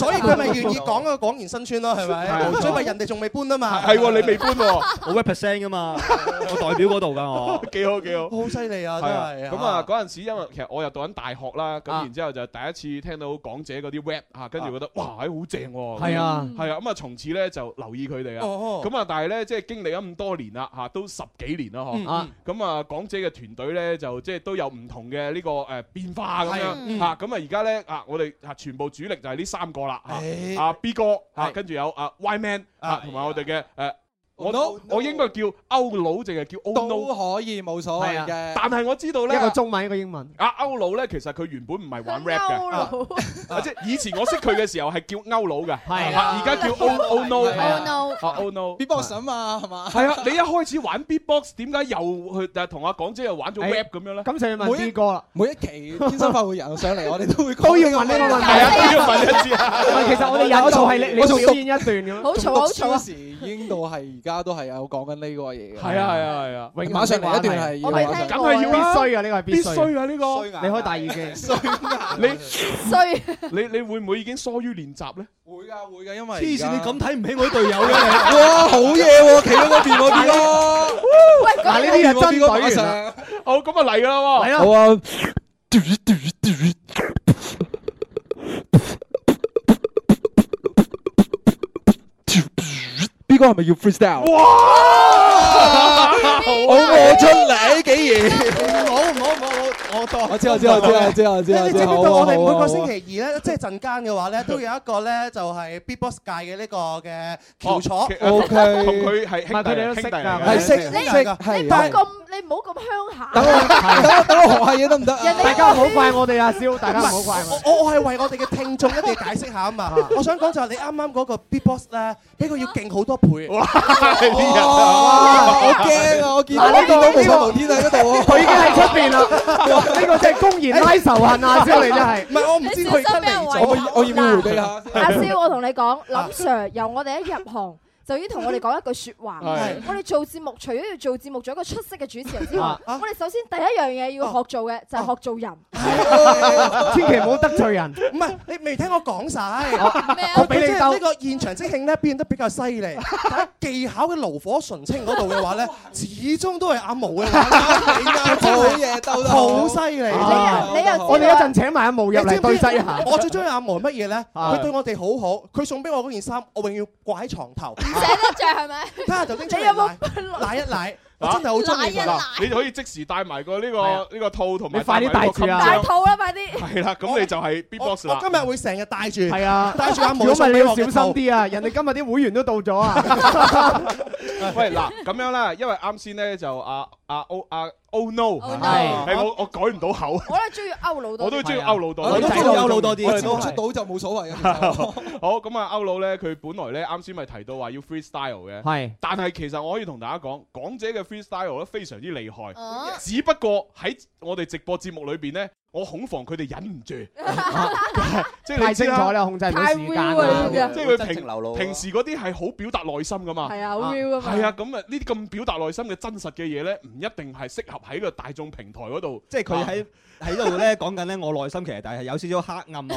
S5: 所以佢咪願意講個廣源新村咯，係咪？所以話人哋仲未搬啊嘛，係喎，你未搬喎，我 rap percent 噶嘛，我代表嗰度噶我，幾好幾好，好犀利啊，真係。咁啊，嗰陣時因為其實我
S1: 又讀緊大學啦，咁然之後就第一次聽到港姐嗰啲 rap 嚇，跟住覺得哇好正喎，係啊係啊，咁啊從此咧就留意佢哋啊，咁啊但係咧即係經歷咗咁多年啦嚇，都十幾年啦呵，咁啊港姐嘅團隊咧就即即係都有唔同嘅呢個誒變化咁樣嚇、啊，咁是的、嗯、啊而家咧啊，我哋啊全部主力就係呢三個啦，吓啊，是的啊 B 哥嚇，跟住有啊 Y Man 啊，同埋我哋嘅誒。我我應該叫歐佬定係叫 O No 都可以冇所謂嘅，但
S5: 係我知道咧一個中文一個英文。阿
S1: 歐佬咧其實佢原本唔係玩 rap 嘅，即係以前我識佢嘅時候係叫歐佬嘅，而家叫 O O No O No O No。Beatbox 啊嘛
S5: 係嘛？
S1: 係啊！你一開始玩 Beatbox 點解又去同阿港姐又玩咗 rap 咁樣咧？咁就要問 B 哥
S5: 啦，每一期天生快活人上嚟，我哋都會都要問呢個問題啊！都要問一次啊！唔係，其實我哋引數係你你讀一段咁樣，好嘈好嘈啊！
S8: 已經到係而家都係有講緊呢個嘢嘅。係啊係啊係啊！榮，馬上嚟一段係要，梗係要必須嘅呢個必須嘅呢個。你
S5: 可以戴耳機。衰，
S1: 你衰，你你會唔會已經疏於練習咧？會㗎會㗎，因為黐線，你
S5: 咁睇唔起我啲隊友㗎你。哇！好嘢喎，企喺嗰邊我見咯。
S1: 嗱呢啲就真底完啦。好，咁啊嚟㗎啦喎。係啊。好
S5: 啊。我係咪要 freestyle？哇！我出嚟竟然。我知我知我知我知我知。咁你知唔知到我哋每個星期二咧？即係陣間嘅話咧，都有一個咧，就係 Beatbox 界嘅呢個嘅橋樑。O K。同佢
S1: 係兄弟，兄弟你都識㗎識識。
S5: 你唔好咁，你唔好咁鄉下。等我，等我，等我學下嘢得唔得啊？大家唔好怪我哋阿肖，大家唔好怪。我我係為我哋嘅聽眾一啲解釋下啊嘛。我想講就係你啱啱嗰個 Beatbox 咧，呢個要勁好多倍。哇！好驚啊！我見到。但係你見到無限藍天喺嗰度啊！佢已經喺出邊啦。即係 [laughs] 公然拉仇恨啊！阿肖你真係，唔係我唔知佢真定，我為我，我，我要唔要回擊下？阿肖，
S4: 我同你講，林 sir 由我哋一入行。 [laughs] 就要同我哋講一句説話。我哋做節目，除咗要做節目做一個出色嘅主持人之外，我哋首先第一樣嘢要學做嘅就係學做人。
S5: 千祈唔好得罪人。唔係你未聽我講晒。我俾你鬥。呢個現場即興咧，變得比較犀利。但技巧嘅爐火純青嗰度嘅話咧，始終都係阿毛嘅。你啱啱好嘢鬥得好犀利啊！你又我哋一陣請埋阿毛入嚟對峙下。我最中意阿毛乜嘢咧？佢對我哋好好。佢送俾我嗰件衫，我永遠掛喺床頭。寫得著係咪？你有冇分攋一攋？真係好中
S1: 意，你就可以即時帶埋個呢個呢
S5: 個套同埋。你快啲戴住啦！套啦，快啲。係
S1: 啦，咁你就係 Big Boss 啦。我今日
S5: 會成日戴住。係啊，戴住阿毛，小心啲啊！人哋今日啲會員都到咗
S1: 啊！喂，嗱，咁樣咧，因為啱先咧就啊啊 O 啊 Oh No，係我我改唔到口。我
S4: 係中意歐佬多。我都中意歐佬多。我都中意歐
S1: 佬多啲。我接唔出
S5: 到就冇所謂。
S1: 好咁啊，歐佬咧，佢本來咧啱先咪提到話要 freestyle 嘅，係，但係其實我可以同大家講，港姐嘅。Freestyle 咧非常之厲害，uh? 只不過喺我哋直播節目裏邊咧。我恐防佢哋忍唔住，
S5: 即係你知啦，太清楚啦，控制唔到，即係佢平平
S1: 時嗰啲係好表達內心噶嘛，係啊，好 real 啊嘛，係啊，咁啊呢啲咁表達內心嘅真實嘅嘢咧，唔一定係適合喺個大眾平台嗰度，即係佢喺喺度咧
S5: 講緊咧我內心其實，但係有少少黑暗，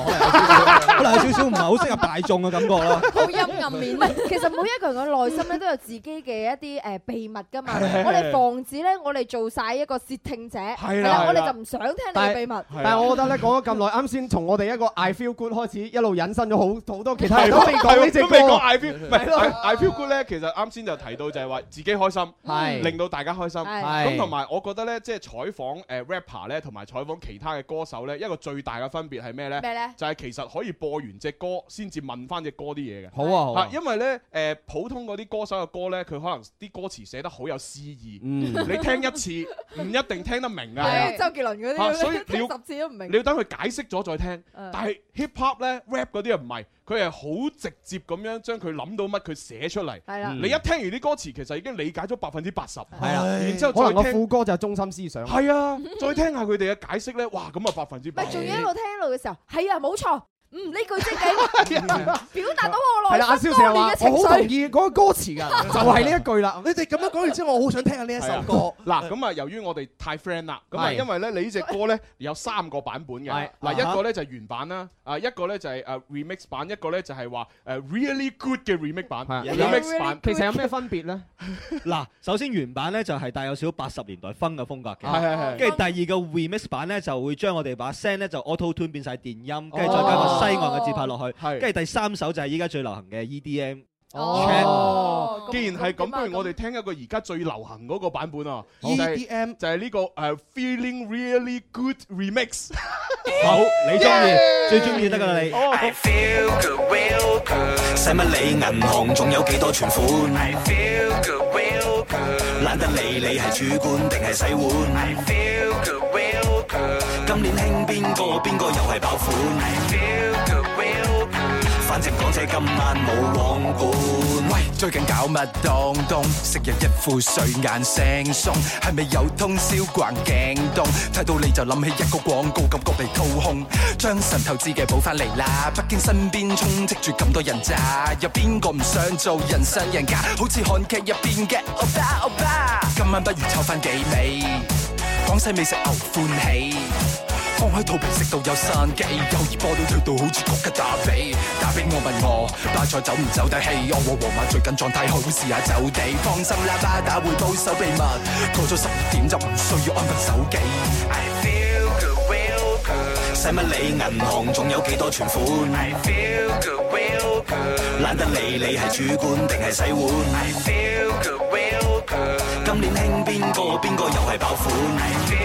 S5: 可能有少少唔係好適合大眾嘅感覺咯，好
S4: 陰暗面。其實每一個人嘅內心咧都有自己嘅一啲誒秘密噶嘛，我哋防止咧，我哋做晒一個竊聽者，係啦，我哋就唔想聽你嘅秘密。但係我覺得
S5: 咧，講咗咁耐，啱先從我哋一個 I feel good 開始，一路引申咗好好多其他。都未講呢隻歌。未
S1: 講 I feel。I feel good 咧，其實啱先就提到就係話自己開心，令到大家開心。咁同埋我覺得咧，即係採訪誒 rapper 咧，同埋採訪其他嘅歌手咧，一個最大嘅分別係咩咧？咩咧？就係其實可以播完隻歌先至問翻隻歌啲嘢嘅。好啊。嚇，因為咧誒普通嗰啲歌手嘅歌咧，佢可能啲歌詞寫得好有詩意，你聽一次唔一定聽得明㗎。周
S6: 杰倫啲，所以都唔明，你要
S1: 等佢解釋咗再聽。嗯、但係 hip hop 咧 rap 嗰啲啊唔係，佢係好直接咁樣將佢諗到乜佢寫出嚟。係啦的，嗯、你一聽完啲歌詞，其實已經理解咗百分之八十。係啦的，哎、然之後再聽可能
S5: 副歌就係中心思想。係啊的，
S1: [laughs] 再聽下佢哋嘅解釋咧，哇咁啊百
S5: 分之百仲要一路
S4: 聽一路嘅時候，係啊冇錯。嗯，呢句即係表達到我
S5: 內心嗰個嘅情緒。係啦，蕭 Sir，我好同意嗰個歌詞㗎，就係呢一句啦。你哋咁樣講完之後，我好想聽下呢一首歌。
S1: 嗱，咁啊，由於我哋太 friend 啦，咁啊，因為咧，你呢隻歌咧有三個版本嘅。嗱，一個咧就係原版啦，啊一個咧就係啊 remix 版，一個咧就係話誒
S5: really good 嘅 remix 版。remix 版其實有咩分別咧？嗱，首先原版咧就係帶有少少八十年代風嘅風格嘅，係係係。跟住第二個 remix 版咧就會將我哋把聲咧就 auto tune 變晒電音，跟住再加個西岸嘅節拍落去，跟住第三首就係依家最流行嘅 EDM。哦，既然係咁，不如我哋聽一個而家最流行
S1: 嗰個版本啊！EDM 就係呢個誒 Feeling Really Good Remix。
S5: 好，你中意最中意得㗎啦你。反正講者今晚冇往款，喂，最近搞乜東東？食日一副睡眼惺忪，係咪有通宵逛京東？睇到你就諗起一個廣告，感覺被掏空。將神投資嘅補翻嚟啦，北京身邊充斥住咁多人渣，有邊個唔想做人上人㗎？好似韓劇入邊嘅歐巴歐巴。歐巴今晚不如抽翻幾味廣西美食牛歡喜，放開肚皮食到有生機，友誼波都跳到好似國家打比。打畀我問我，大賽走唔走得氣？我和皇馬最近狀態好，試下走地。放心啦，巴打會保守秘密。過咗十二點就唔需要安份守己。I feel good, real good. 使乜理銀行仲有幾多存款？I feel good, real good. 懶得理你係主管定係洗碗。I feel good, real good. 今年興邊個？邊個又係爆款？I feel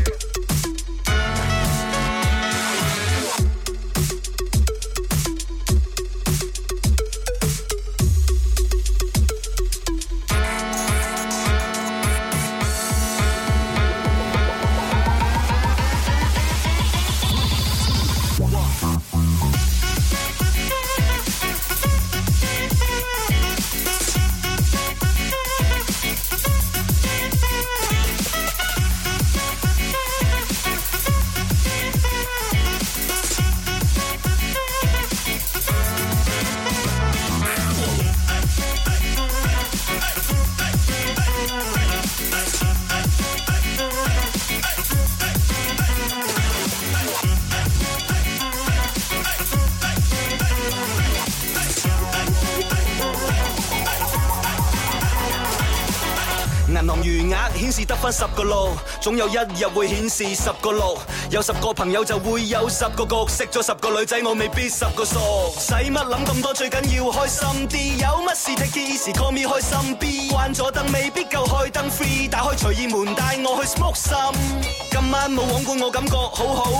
S5: 總有一日會顯示十個六，有十個朋友就會有十個角色，識咗十個女仔我未必十個傻。使乜諗咁多？最緊要開心啲，有乜事 take it easy，call me 開心 B。關咗燈未必夠開燈 free，打開隨意門帶我去 smoke some。今晚冇網管，我感覺好好。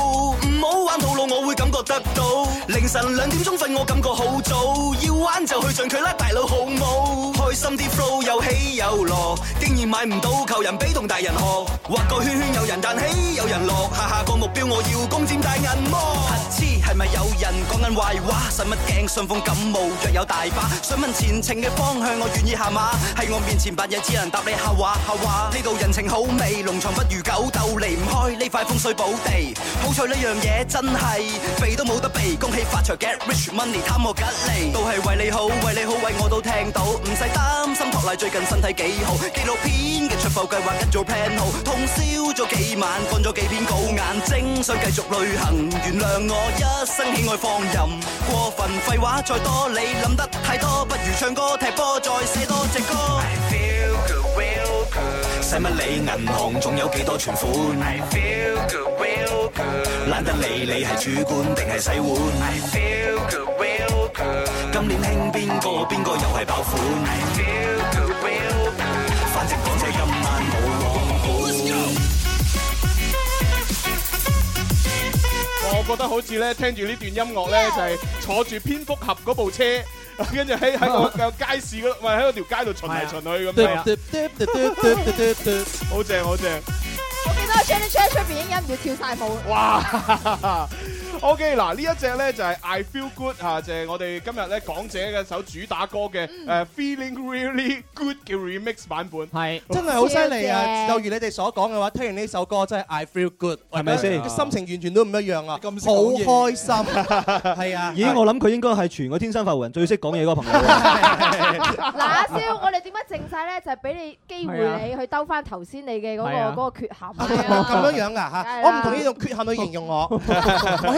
S5: 唔好玩套路，我會感覺得到。凌晨兩點鐘瞓，我感覺好早。要玩就去盡佢甩大佬好冇。開心啲 flow 有起有落，竟然買唔到求人俾同大人學。畫個圈圈有人彈起有人落，下下個目標我要攻佔大銀幕。乞嗤係咪有人講緊壞話？使乜驚順風感冒藥有大把。想問前程嘅方向，我願意下馬喺我面前扮嘢，只能答你下話下話。呢度人情好味，農場不如狗鬥嚟。開呢塊風水寶地，好彩呢樣嘢真係，肥都冇得避。恭喜發財，get rich money，貪我吉利。都係為你好，為你好，為我都聽到，唔使擔心托賴，最近身體幾好。紀錄片嘅出埠計劃跟住 plan 好，通宵咗幾晚，瞓咗幾篇稿，眼睛想繼續旅行。原諒我一生喜愛放任，過分廢話再多，你諗得太多，不如唱歌踢波，再寫多隻歌。使乜理銀行，仲有幾多存款？I feel good, real good. 懶得理你係主管定係洗碗。I feel good, real good. 今年興邊個，邊個又係爆款？I feel good, real good. 反正我。
S1: 覺得好似咧聽住呢段音樂咧，Yeah. 就係坐住蝙蝠俠嗰部車，跟住喺喺個街市嗰，唔係喺個條街度巡嚟巡去咁。好正好
S5: 正！我見到出嚟出嚟出
S1: 邊，唔要跳
S4: 晒舞。
S1: O.K. 嗱，呢一隻咧就係 I Feel Good 嚇，就係我哋今日咧講者嘅
S5: 首主打歌嘅誒 Feeling Really Good 嘅 Remix 版本，係真係好犀利啊！就如你哋所講嘅話，聽完呢首歌真係 I Feel Good 係咪先？心情完全都唔一樣啊！好開心係啊！咦，我諗佢應該係全個天生快活人最識講嘢嗰個朋友。
S4: 嗱，阿蕭，我哋點樣淨曬咧？就係俾你機會你去兜翻頭先你嘅嗰個嗰個缺陷。
S5: 咁樣樣㗎嚇，我唔同意用缺陷去形容我。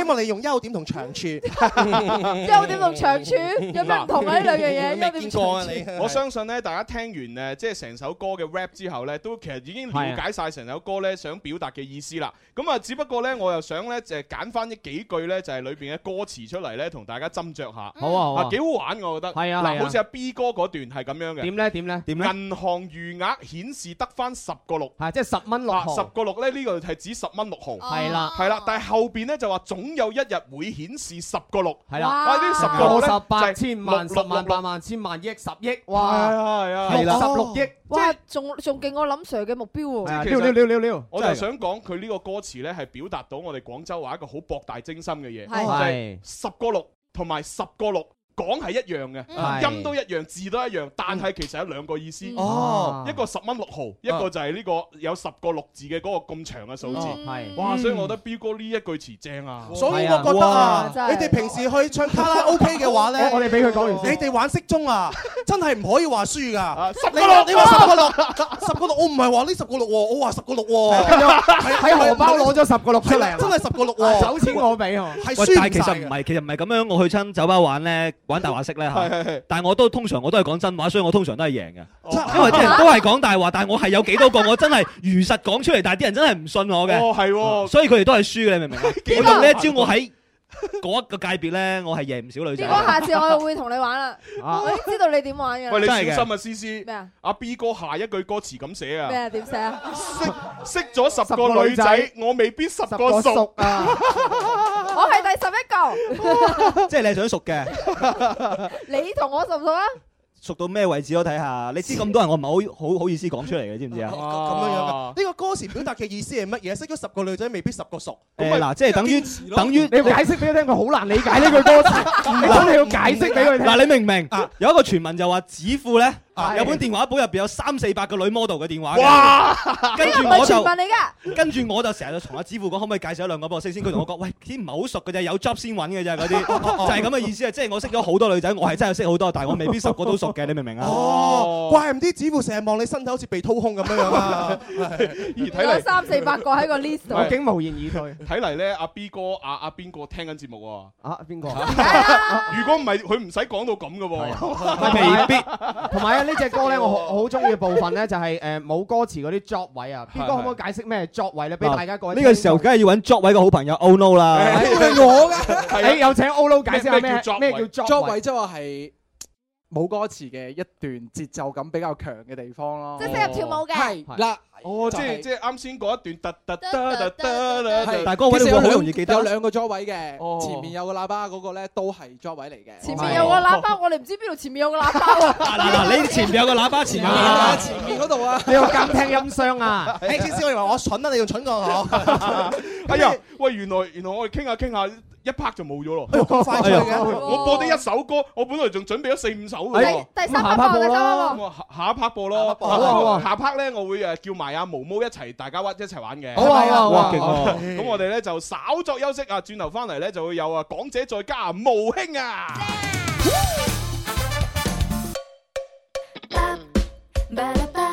S5: 希望你用優點同長處，優 [laughs] 點同
S4: 長處有咩唔同 [laughs] 啊？呢兩樣
S1: 嘢，優點長處。未見過啊！你，我相信咧，大家聽完誒，即係成首歌嘅 rap 之後咧，都其實已經瞭解晒成首歌咧想表達嘅意思啦。咁是啊，只不過咧，我又想咧，就係揀翻呢幾句咧，就係裏邊嘅歌詞出嚟咧，同大家斟酌下。好啊，幾、啊、好玩我覺得。係啊，嗱，好似阿 B 哥嗰段係咁樣嘅。點咧？點咧？點咧？銀行餘額顯示得翻十個六、啊，係即係十蚊六十個六咧。呢、呢個係指十蚊六毫係啦，係啦。但係後邊咧就話總有一日會顯示十個六,哇十個六，係啦，呢十個咧就六十萬、八萬、千萬、億 6 66,、十億，哇，六十
S4: 六億，即係仲仲勁我諗 Sir 嘅目標。的就是、了,
S1: 了,了,了我就想講佢呢個歌詞呢，係表達到我哋廣州話一個好博大精深嘅嘢。係十的的個六同埋十個六。講係一樣嘅，音都一樣，字都一樣，但係其實有兩個意思。哦，一個十蚊六毫，一個就係呢個有十個六字嘅嗰個咁長嘅數字。係，哇！所以我覺得 B 哥呢一句詞正啊。所以我覺得啊，你哋
S5: 平時去唱卡拉 OK 嘅話咧，我哋俾佢講完。你哋玩骰盅啊，真係唔可以話輸噶。十個六，你話十個六，十個六，我唔係話呢十個六喎，我話十個六喎，喺荷包攞咗十個六出嚟，真係十個六喎。首先，我俾。係，但係其實唔係，其實唔係咁樣。我去親酒吧玩咧。玩大話式咧，但係我都通常我都係講真話，所以我通常都係贏嘅，因為啲人都係講大話，但係我係有幾多個我真係如實講出嚟，但係啲人真係唔信我嘅。哦係，所以佢哋都係輸嘅，你明唔明？我用呢一招，我喺嗰個界別咧，我係贏唔少女仔。如果下次
S4: 我又會同你玩啦，我已經知道你點玩嘅。喂，你小心啊，思思咩
S1: 啊？阿 B 哥下一句歌詞咁寫啊咩
S4: 啊？點寫啊？識識
S1: 咗十個女仔，我未必十個熟
S4: 啊。我係第十一個，
S5: [laughs] 即係你想熟嘅，
S4: [laughs] 你同
S5: 我熟唔熟啊？熟到咩位置我睇下，你知咁多人我，我唔係好好好意思講出嚟嘅，知唔知、嗯、啊？哦、啊，咁樣嘅，呢個歌詞表達嘅意思係乜嘢？識咗十個女仔，未必十個熟。係嗱、 [laughs] 啊，即係等於等於你要解釋俾佢聽，佢好難理解呢句歌詞。咁、 [laughs] 啊、你要解釋俾佢聽。嗱、啊，啊、你明唔明？啊、有一個傳聞就話，指褲咧。有本電話簿入邊有三四百個女 model 嘅電話，跟住我就跟住我就成日就同阿子富講可唔可以介紹兩個俾我先。佢同我講：喂，啲唔係好熟嘅啫，有 job 先揾嘅啫，嗰啲就係咁嘅意思，即係我識咗好多女仔，我係真係識好多，但係我未必十個都熟嘅，你明唔明啊？哦，怪唔知子富成日望你身體好似被掏空咁樣樣啦。
S4: 攞三四百個喺個 list 度，我竟
S5: 無言以對。
S1: 睇嚟咧，阿 B 哥阿阿邊個聽緊節目喎？阿邊個？如果唔係佢唔使講到咁嘅喎，未
S5: 必同埋。呢隻歌咧，我好中意嘅部分咧就係誒冇歌詞嗰啲作位啊，邊個可唔可以解釋咩作位咧？俾大家過呢個時候，梗係要搵作位嘅好朋友。Oh no 啦，係我嘅。誒有請 Oh no 解釋下咩？咩叫作位？即係話係。冇歌詞嘅一段節奏感比較強嘅地方咯，即係適合跳舞嘅。係啦，哦，即係即
S1: 係啱先嗰一段，突突得得得啦。係，但係嗰位你好容易記得，有兩
S5: 個座位嘅，前面有個喇叭嗰個咧都係座位嚟嘅。前面有個喇叭，
S4: 我哋唔知邊度
S5: 前面有個喇叭喎。嗱，你前面有個喇叭，前面啊，前面嗰度啊，你要監聽音箱啊？啱先我以為我蠢啊，你用蠢過我。哎呀，喂，原來原來
S1: 我哋傾下傾下。一拍就冇咗咯，麼麼快、哎哎、我播呢一首歌，我本來仲準備咗四五首嘅、哎，第三拍播咪得咯，下下一拍播咯，好吧啊，下一拍咧我會誒叫埋阿毛毛一齊，大家一玩一齊玩嘅，好啊、哦，哦哦、哇，咁、哦、我哋咧就稍作休息啊，轉頭翻嚟咧就會有啊港姐再加毛兄啊。Yeah!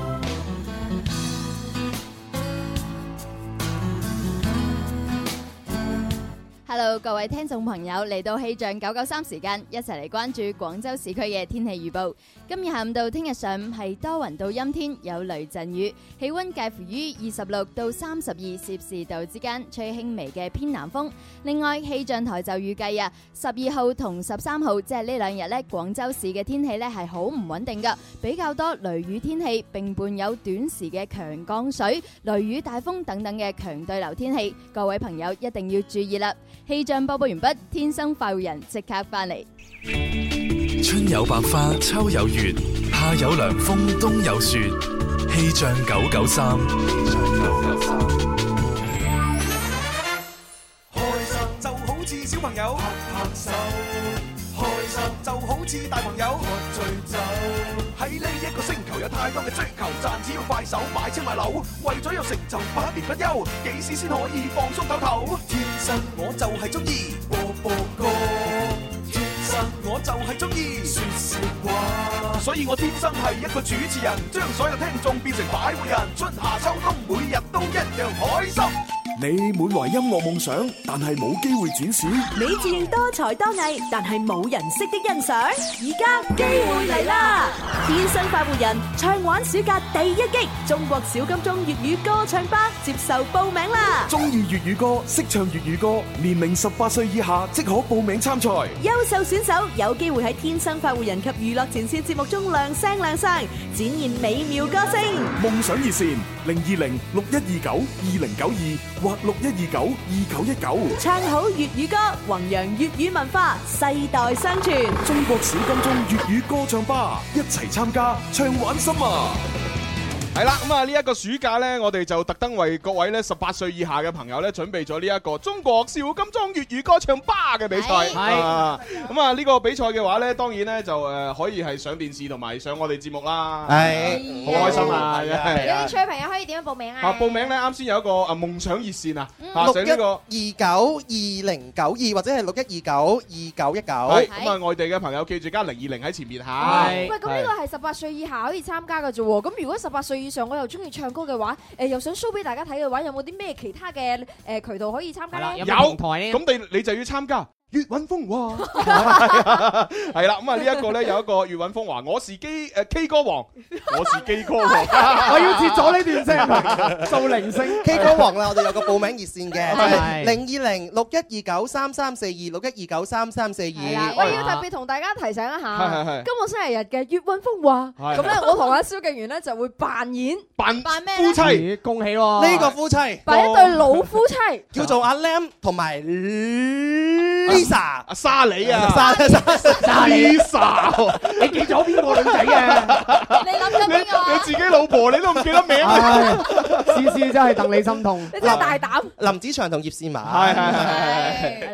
S6: Hello，各位聽眾朋友，嚟到氣象九九三時間，一齊嚟關注廣州市區嘅天氣預報。今日下午到聽日上午係多雲到陰天，有雷陣雨，氣溫介乎於二十六到三十二攝氏度之間，吹輕微嘅偏南風。另外，氣象台就預計啊，十二號同十三號即係呢兩日咧，廣州市嘅天氣咧係好唔穩定噶，比較多雷雨天氣，並伴有短時嘅強降水、雷雨大風等等嘅強對流天氣。各位朋友一定要注意啦。氣象播報完畢，天生快活人即刻翻嚟。
S8: 春有百花，秋有月，夏有涼風，冬有雪。氣象九九三，氣象九九三，
S5: 開心就好似小朋友拍拍手，開心就好似大朋友，有太多嘅追求，賺錢要快手買車買樓，為咗有成就百年不休，幾時先可以放鬆唞透？天生我就係中意播播歌，天生我就係中意説
S1: 説話，所以我天生係一個主持人，將所有聽眾變成快活人，
S2: 春夏秋冬每日
S1: 都一樣開心。你滿懷音樂夢想，但係冇機會展示；
S2: 你自認多才多藝，但係冇人識得欣賞。而家機會嚟啦！天生快活人唱玩暑假第一擊，中國小金鐘粵語歌唱班接受報名啦！
S1: 中意粵語歌，識唱粵語歌，年齡十八歲以下即可報名參賽。
S2: 優秀選手有機會喺天生快活人及娛樂前線節目中亮聲亮相，展現美妙歌聲。
S1: 夢想熱線零二零六一二九二零九二。六一二九，二九一九，唱
S2: 好粵語歌，弘揚粵語文化，世代生存。中國小金鐘粵
S1: 語歌唱吧，一齊參加，唱玩心啊！係啦，咁啊呢一個暑假咧，我哋就特登為各位咧十八歲以下嘅朋友咧準備咗呢一個中國少金鐘粵語歌唱吧嘅比賽。係，咁啊呢個比賽嘅話咧，當然咧就誒可以係上電視同埋上我哋節目啦。係，好開心啊！有興趣嘅朋友
S5: 可以點樣報名啊？
S1: 報名咧，啱先有一個啊夢想熱線啊，六一
S5: 二九二零九二或者係六一二九二九一九。係咁啊，
S1: 外地嘅朋友記住加零二零喺前面吓。係。喂，咁呢個係
S4: 十八歲以下可以參加嘅啫喎，咁如果十八歲？以上我又中意唱歌嘅話，誒、呃、又想 show 俾大家睇嘅話，有冇啲咩其他嘅誒渠道可以參加咧？有
S1: 台咁、嗯、你你就要參加。月韻風華係啦，咁啊呢一個咧有一個月韻風華，我是基誒 K 歌王，我是基歌王，我要接咗呢段聲，數鈴聲 K 歌王啦，我哋
S5: 有個報名熱線嘅，零二零六一二九三三四二六一二九三三四二。喂，呢個特別同大家提醒一下，係係係，今
S4: 個星期日嘅月韻風華，咁咧我同阿蕭敬元咧就會扮演扮咩夫妻，
S5: 恭喜呢個夫妻，扮一對老夫妻，叫做阿 Lam 同埋。莎阿莎莉啊，莎莎莎莉，你記咗邊個女仔啊？老婆你都唔記得名，次次真係戥你心痛。你真係大膽，林子祥同葉倩文係係係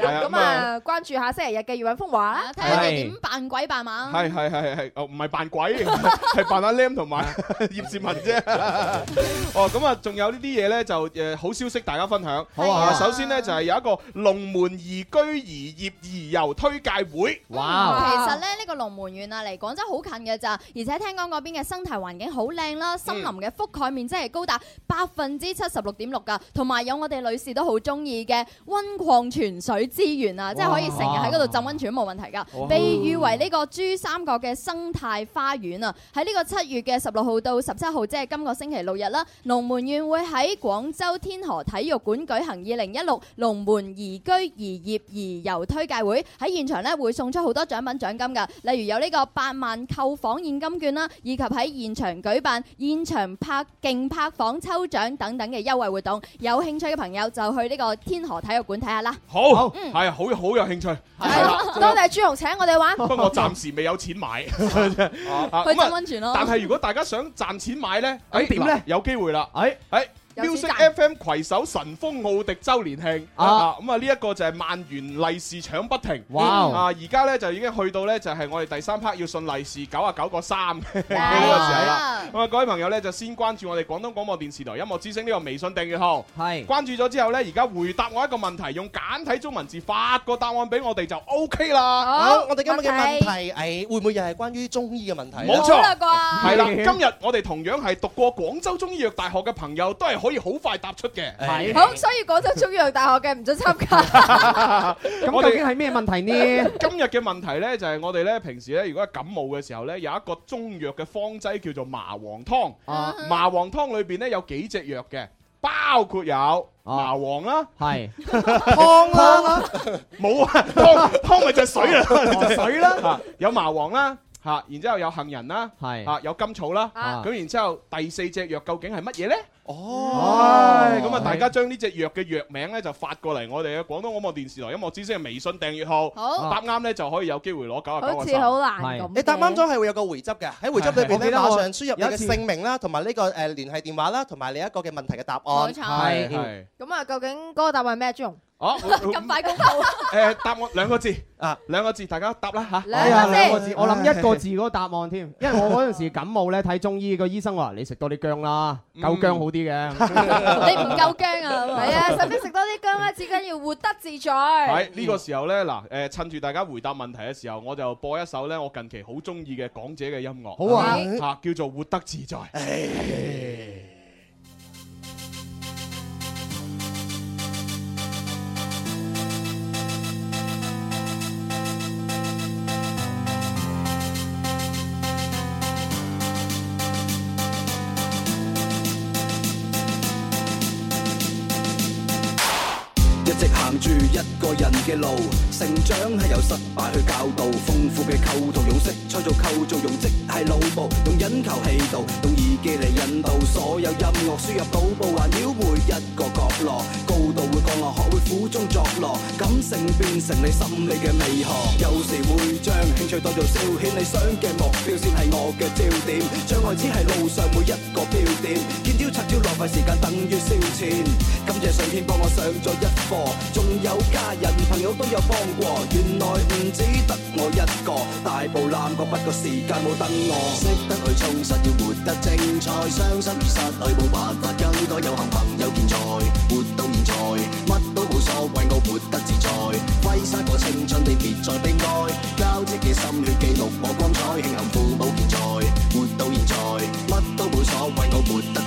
S5: 係啦。咁啊，
S4: 關注下星期日嘅《葉韻風華》咧，睇下你點扮鬼扮馬。係係
S5: 係係
S1: 係，哦唔係扮鬼，係扮阿 Lam 同埋葉倩文啫。哦，咁啊，仲有呢啲嘢咧，就誒好消息大家分享。好啊，首先咧就係有一個龍門宜居宜業宜遊推介會。哇！其實
S6: 咧呢個龍門縣啊離廣州好近嘅咋，而且聽講嗰邊嘅生態環境好靚啦。森林嘅覆蓋面積係高達百分之七十六點六噶，同埋有我哋女士都好中意嘅溫礦泉水資源啊，哇即係可以成日喺嗰度浸溫泉冇問題噶，哇被譽為呢個珠三角嘅生態花園啊。喺呢個七月嘅十六號到十七號，即係今個星期六日啦，龍門縣會喺廣州天河體育館舉行二零一六龍門宜居宜業宜遊推介會，喺現場咧會送出好多獎品獎金噶，例如有呢個八萬購房現金券啦，以及喺現場舉辦。現場拍競拍房抽獎等等嘅優惠活動，有興趣嘅朋友就去呢個天河體育館睇下啦。
S1: 好，係啊、嗯，好好有興趣。
S6: 係的 [laughs] 多謝朱紅請我哋玩。不過我暫
S1: 時未有錢買， [laughs] 啊啊、去浸溫泉咯。但係如果大家想賺錢買咧，誒點咧？有機會啦，誒誒、哎。哎 Music FM 攜手神鋒奧迪周年慶啊！咁啊呢一個就係、是、萬元利是搶不停哇！啊而家呢，就已經去到呢，就係我哋第三 part 要送利是九啊九個三呢個時候啦！咁啊，啊各位朋友呢，就先關注我哋廣東廣播電視台音樂之聲呢個微信訂閱號，係是關注咗之後呢，而家回答我一個問題，用簡體中文字發個答案俾我哋就 O K 啦。好，好，我哋今日嘅問題，誒會唔會又係關於中醫嘅問題？冇錯啦，係啦！今日我哋同樣係讀過廣州中醫藥大學嘅朋友都係可以好快答出嘅，是好，所
S4: 以廣州中藥大學嘅唔准參加。
S1: 咁 [laughs] 究竟係咩問
S5: 題呢？
S1: 今日嘅問題呢，就係、是、我哋呢。平時呢，如果感冒嘅時候呢，有一個中藥嘅方劑叫做麻黃湯。啊，麻黃湯裏邊呢，有幾隻藥嘅，包括有麻黃啦，係、啊、
S3: 湯啦，冇 [laughs] 啊，湯湯咪就係水啦，哦、水啦、啊，
S1: 有麻黃啦，嚇、啊，然之後有杏仁啦，係嚇是、啊，有甘草啦，咁、啊、然之後第四隻藥究竟係乜嘢呢？哦，咁啊！大家將呢隻藥嘅藥名咧就發過嚟我哋嘅廣東廣播電視台音樂之聲微信訂閱號，答啱咧就可以有機會攞九啊九蚊。好似好難咁。你答
S5: 啱咗係會有個回執嘅，喺回執裏面咧馬上輸入你嘅姓名啦，同埋呢個誒聯繫電話啦，同埋你一個嘅問題嘅答案。冇錯，係。
S4: 咁啊，究竟嗰個答案係咩作用？哦，咁快
S1: 公布？誒，
S5: 答我兩個字啊，兩個字，大家答啦嚇。兩個字，我諗一個字嗰個答案添，因為我嗰陣時感冒咧睇中醫，個醫生話你食多啲薑啦，夠薑好啲。 [laughs] [laughs] 你唔
S4: 夠薑啊！係啊， [laughs] [laughs] 甚至食多啲薑啦，至緊要活得自在。喺
S1: 呢 [laughs] 個時候呢，嗱、呃、誒，趁住大家回答問題嘅時候，我就播一首咧，我近期好中意嘅講者嘅音樂，好啊，嚇、啊 [laughs] 啊、叫做活得自在。 [laughs] [laughs]
S5: 失敗去教導豐富嘅構圖用色彩，創造構造用即係腦部，用引球氣度，用耳機嚟引導所有音樂輸入。性變成你心理嘅美學，有時會將興趣當做消遣，你想嘅目標先係我嘅焦點，障礙只係路上每一個標點。見招拆招，浪費時間等於燒錢。感謝上天幫我上咗一課，仲有家人朋友都有幫過。原來唔止得我一個大步攬過，不過時間冇等我，識得去充實，要活得精彩。傷心與失意冇辦法，更多有幸朋友健在，活到現在，乜都冇所謂。嘥過青春的，別再悲哀。交織嘅心血記錄，我光彩，慶幸父母健在，活到現在，乜都冇所謂，我活得。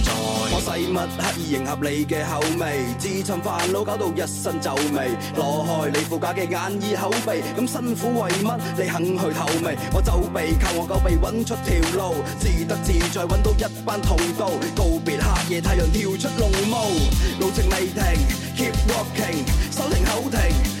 S5: 細物刻意迎合你嘅口味，自尋煩惱搞到一身酒味，攞開你副假嘅眼耳口鼻，咁辛苦為乜？你肯去口味？我走避，靠我狗鼻揾出條路，自得自在揾到一班同道，告別黑夜太陽跳出濃霧，路程未停，keep walking，手停口停。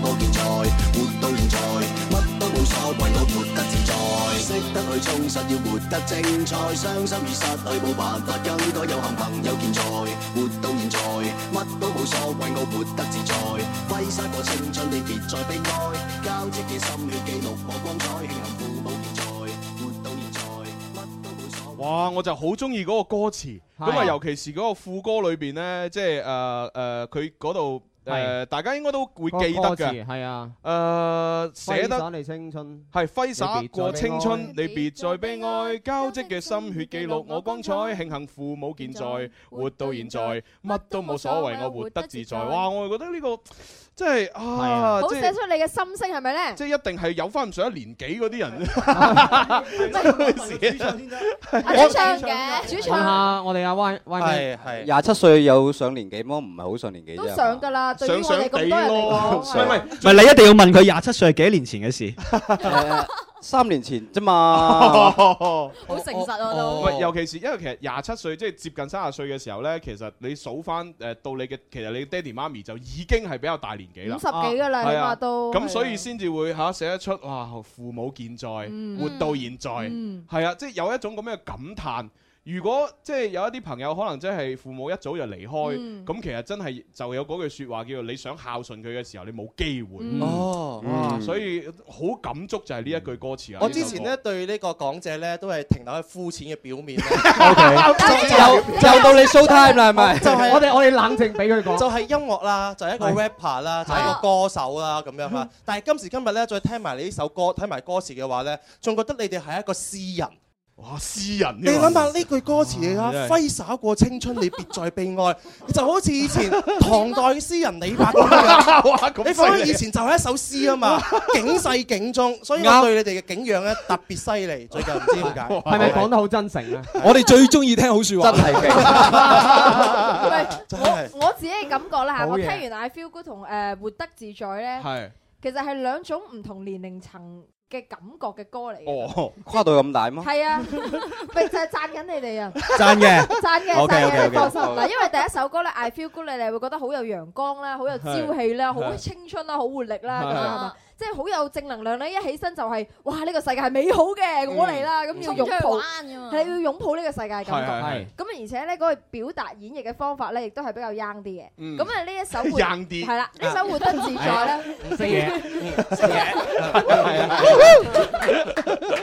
S5: 活到現在，乜都冇所謂，我活得自在。識得去充實，要活得精彩。傷心與失落冇辦法，更多有幸朋友健在。活到現在，乜都冇所謂，我活得自在。揮灑個青春，你別再悲哀。交織嘅心血記錄我光彩，慶幸父母健在。活到
S1: 現在，乜都冇所謂。哇！我就好中意嗰個歌詞，咁啊，尤其是嗰個副歌裏邊呢，即係誒誒，佢嗰度。誒，大家應該
S5: 都會記得嘅，係
S1: 啊，誒，寫得揮灑你
S5: 青春，係揮灑過青春，你
S1: 別再悲哀，交織嘅心血記錄。我剛才慶幸父母健在，活到現在，乜都冇所謂，我活得自在。哇，我又覺得呢個。即係啊，好寫出
S4: 你嘅心聲係咪咧？
S1: 即係一定係有翻上一年紀嗰啲人。唔
S5: 好意思，
S4: 我唱嘅主唱。
S5: 我哋阿喂喂，係係廿七歲有上年紀麼？唔係好上年紀。都上
S4: 噶啦，最耐咁多人嚟
S5: 講。唔係係，你一定要問佢廿七歲係幾年前嘅事。三年前啫嘛，好誠實啊都 S、哦。唔、哦、
S1: 尤其是因為其實廿七歲即係接近三十歲嘅時候咧，其實你數翻誒到你嘅其實你爹哋媽咪就已經係比較大年紀啦，五十幾㗎啦，係啊都。咁、啊、所以先至會嚇寫得出哇，父母健在，嗯嗯活到現在，係、嗯、啊，即係、嗯啊就是、有一種咁嘅感嘆。如果即係有一啲朋友可能真係父母一早就離開，咁、嗯、其實真係就有嗰句說話叫做你想孝順佢嘅時候，你冇機會哦，所以好感觸就係呢一句歌詞啊。嗯、首我之前咧
S5: 對個呢個講者咧都係停留喺膚淺嘅表面咧，又又 [laughs] Okay [laughs] 到你 show time 啦，係咪？就係我哋我哋冷靜俾佢講，就係音樂啦，就係一個 rapper 啦，就係一個歌手啦咁樣啦。但係今時今日咧，再聽埋你呢首歌，睇埋歌詞嘅話咧，仲覺得你哋係一個詩人。哇！詩人，你諗下呢句歌詞啊，揮灑過青春，你別再悲哀，就好似以前唐代詩人李白咁樣。你放喺以前就係一首詩啊嘛，警世警鐘。所以我對你哋嘅景仰咧特別犀利。最近唔知點解，係咪講得好真誠啊？我哋最中意聽好説話。真係嘅。我
S4: 我自己嘅感覺啦嚇，我聽完 I Feel Good 同誒活得自在咧，其實係兩種唔同年齡層嘅感覺嘅歌嚟嘅，哦，跨度咁大嗎？係啊，咪就係讚緊你哋啊！讚嘅，讚嘅，讚嘅，放心！嗱，因為、okay, okay, okay. 第一首歌咧，I Feel Good，你哋會覺得好有陽光啦，好有朝氣啦，好青春啦，好活力啦咁樣，係嘛？即係好有正能量咧，一起身就係哇！呢個世界係美好嘅，我嚟啦，咁要擁抱，係要擁抱呢個世界感覺。咁啊，而且咧嗰個表達演繹嘅方法咧，亦都係比較 young 啲嘅。咁啊，呢一首會係啦，呢首活得自在咧，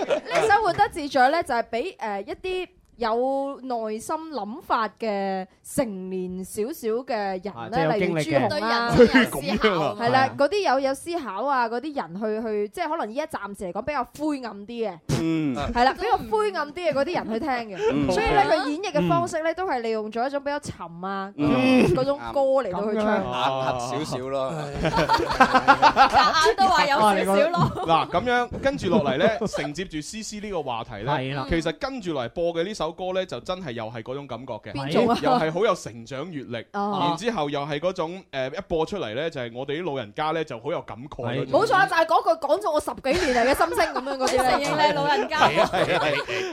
S4: 呢首活得自在咧就係俾誒一啲。有內心諗法嘅成年少少嘅人咧，例如中年人思考，係啦，嗰啲有有思考啊，嗰啲人去去，即係可能依家暫時嚟講比較灰暗啲嘅，嗯，係啦，比較灰暗啲嘅嗰啲人去聽嘅，所以咧佢演繹嘅方式咧，都係利用咗一種比較沉啊嗰種歌嚟到去
S5: 唱，暗合少少咯，
S9: 夾硬都
S4: 話
S1: 有少少咯。嗱，咁樣跟住落嚟咧，承接住詩詩呢個話題咧，其實跟住嚟播嘅呢首。首歌咧就真係又係嗰種感覺嘅，種又係好有成長閱歷，啊、然之後又係嗰種誒、呃、一播出嚟，呢，就係、是、我哋啲老人家呢，就好有感慨。冇錯，就
S4: 係嗰句講咗我十幾年嚟嘅心聲咁樣嗰
S1: 啲老人家。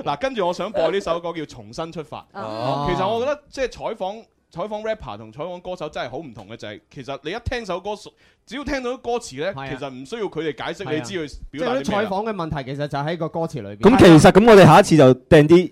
S1: 嗱，跟住我想播呢首歌叫《重新出發》。啊、其實我覺得即係、就、採、是、訪採訪 rapper 同採訪歌手真係好唔同嘅，就係、是、其實你一聽首歌，只要聽到啲歌詞呢，的其實唔需要佢哋解釋，你知佢表達。即係採
S5: 訪嘅問題，其實就喺個歌詞裏邊。咁其實咁，我哋下一次就訂啲。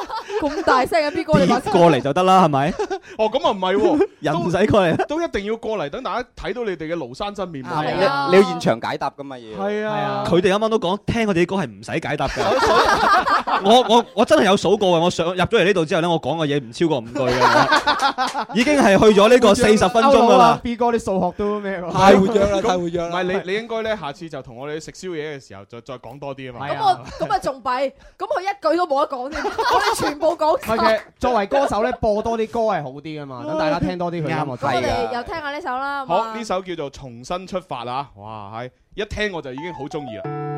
S5: 咁大聲啊！B
S1: 哥你過嚟就得啦，係咪？哦，咁啊唔係，
S5: 人唔使過嚟，
S1: 都一定要過嚟，等大家睇到你哋嘅廬山真面目啊！你要現場解答噶嘛嘢？係啊，係啊，佢哋
S5: 啱啱都講，聽我哋啲歌係唔使解答嘅。我我我真係有數過啊，我上入咗嚟呢度之後咧，我講嘅嘢唔超過五句啊，
S7: 已經係去咗呢個四十分鐘噶啦。B
S5: 哥啲數學都咩？太活躍啦，太活躍啦！唔係你
S1: 你應該咧，下次就同我哋食宵夜嘅時候，再再講多
S5: 啲啊嘛。咁我
S4: 咁啊仲弊，咁佢一句都冇得講添，我哋全。冇講。係嘅，
S5: 作為歌手咧，播多啲歌係好啲㗎嘛，等 [laughs] 大家聽多啲佢啱我哋又
S4: 聽下呢首啦。的好，吧好，
S1: 呢首叫做《重新出發》啊！哇，係，一聽我就已經好鍾意啦。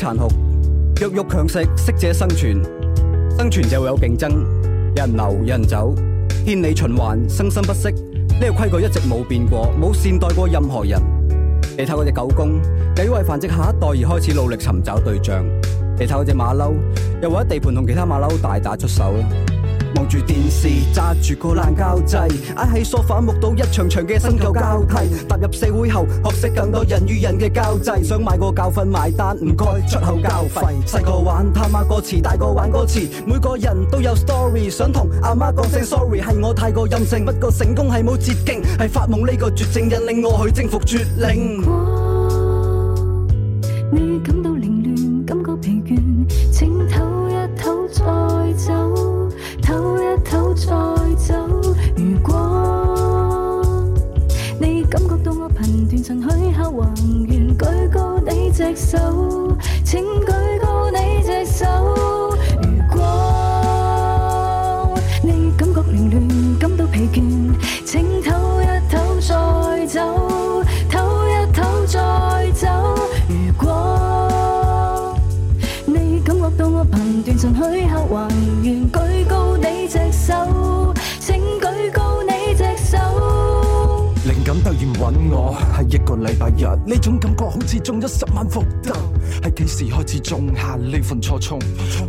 S5: 殘酷，弱肉強食，適者生存，生存就會有競爭，有人留，有人走，天理循環，生生不息，呢個規矩一直冇變過，冇善待過任何人。你睇嗰隻狗公，又為繁殖下一代而開始努力尋找對象；你睇嗰隻馬騮，又為咗地盤同其他馬騮大打出手。望住電視，揸住個爛膠掣，挨喺梳化，目睹一場場嘅新舊交替。踏入社會後，學識更多人與人嘅交際，想買個教訓埋單，唔該出口交費。細個玩他媽歌詞，大個玩歌詞，每個人都有 story，想同阿媽講聲 sorry，係我太過任性。不過成功係冇捷徑，係發夢呢個絕症引領我去征服絕嶺。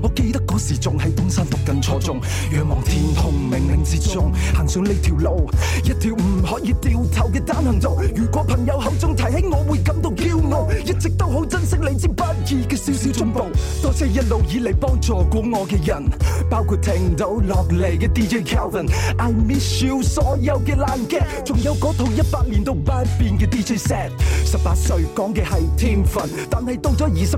S5: 我記得嗰時仲喺東山讀緊初中，仰望天空冥冥之中，行上呢條路，一條唔可以掉頭嘅單行道。如果朋友口中提起，我會感到驕傲，一直都好珍
S3: 惜嚟之不易嘅少少進步。多謝一路以嚟幫助過我嘅人，包
S5: 括聽到落嚟嘅 DJ Calvin，I miss you，所有嘅爛 gag，仲有嗰套一百年都不變嘅 DJ set。十八歲講嘅係天份，但係到咗二十。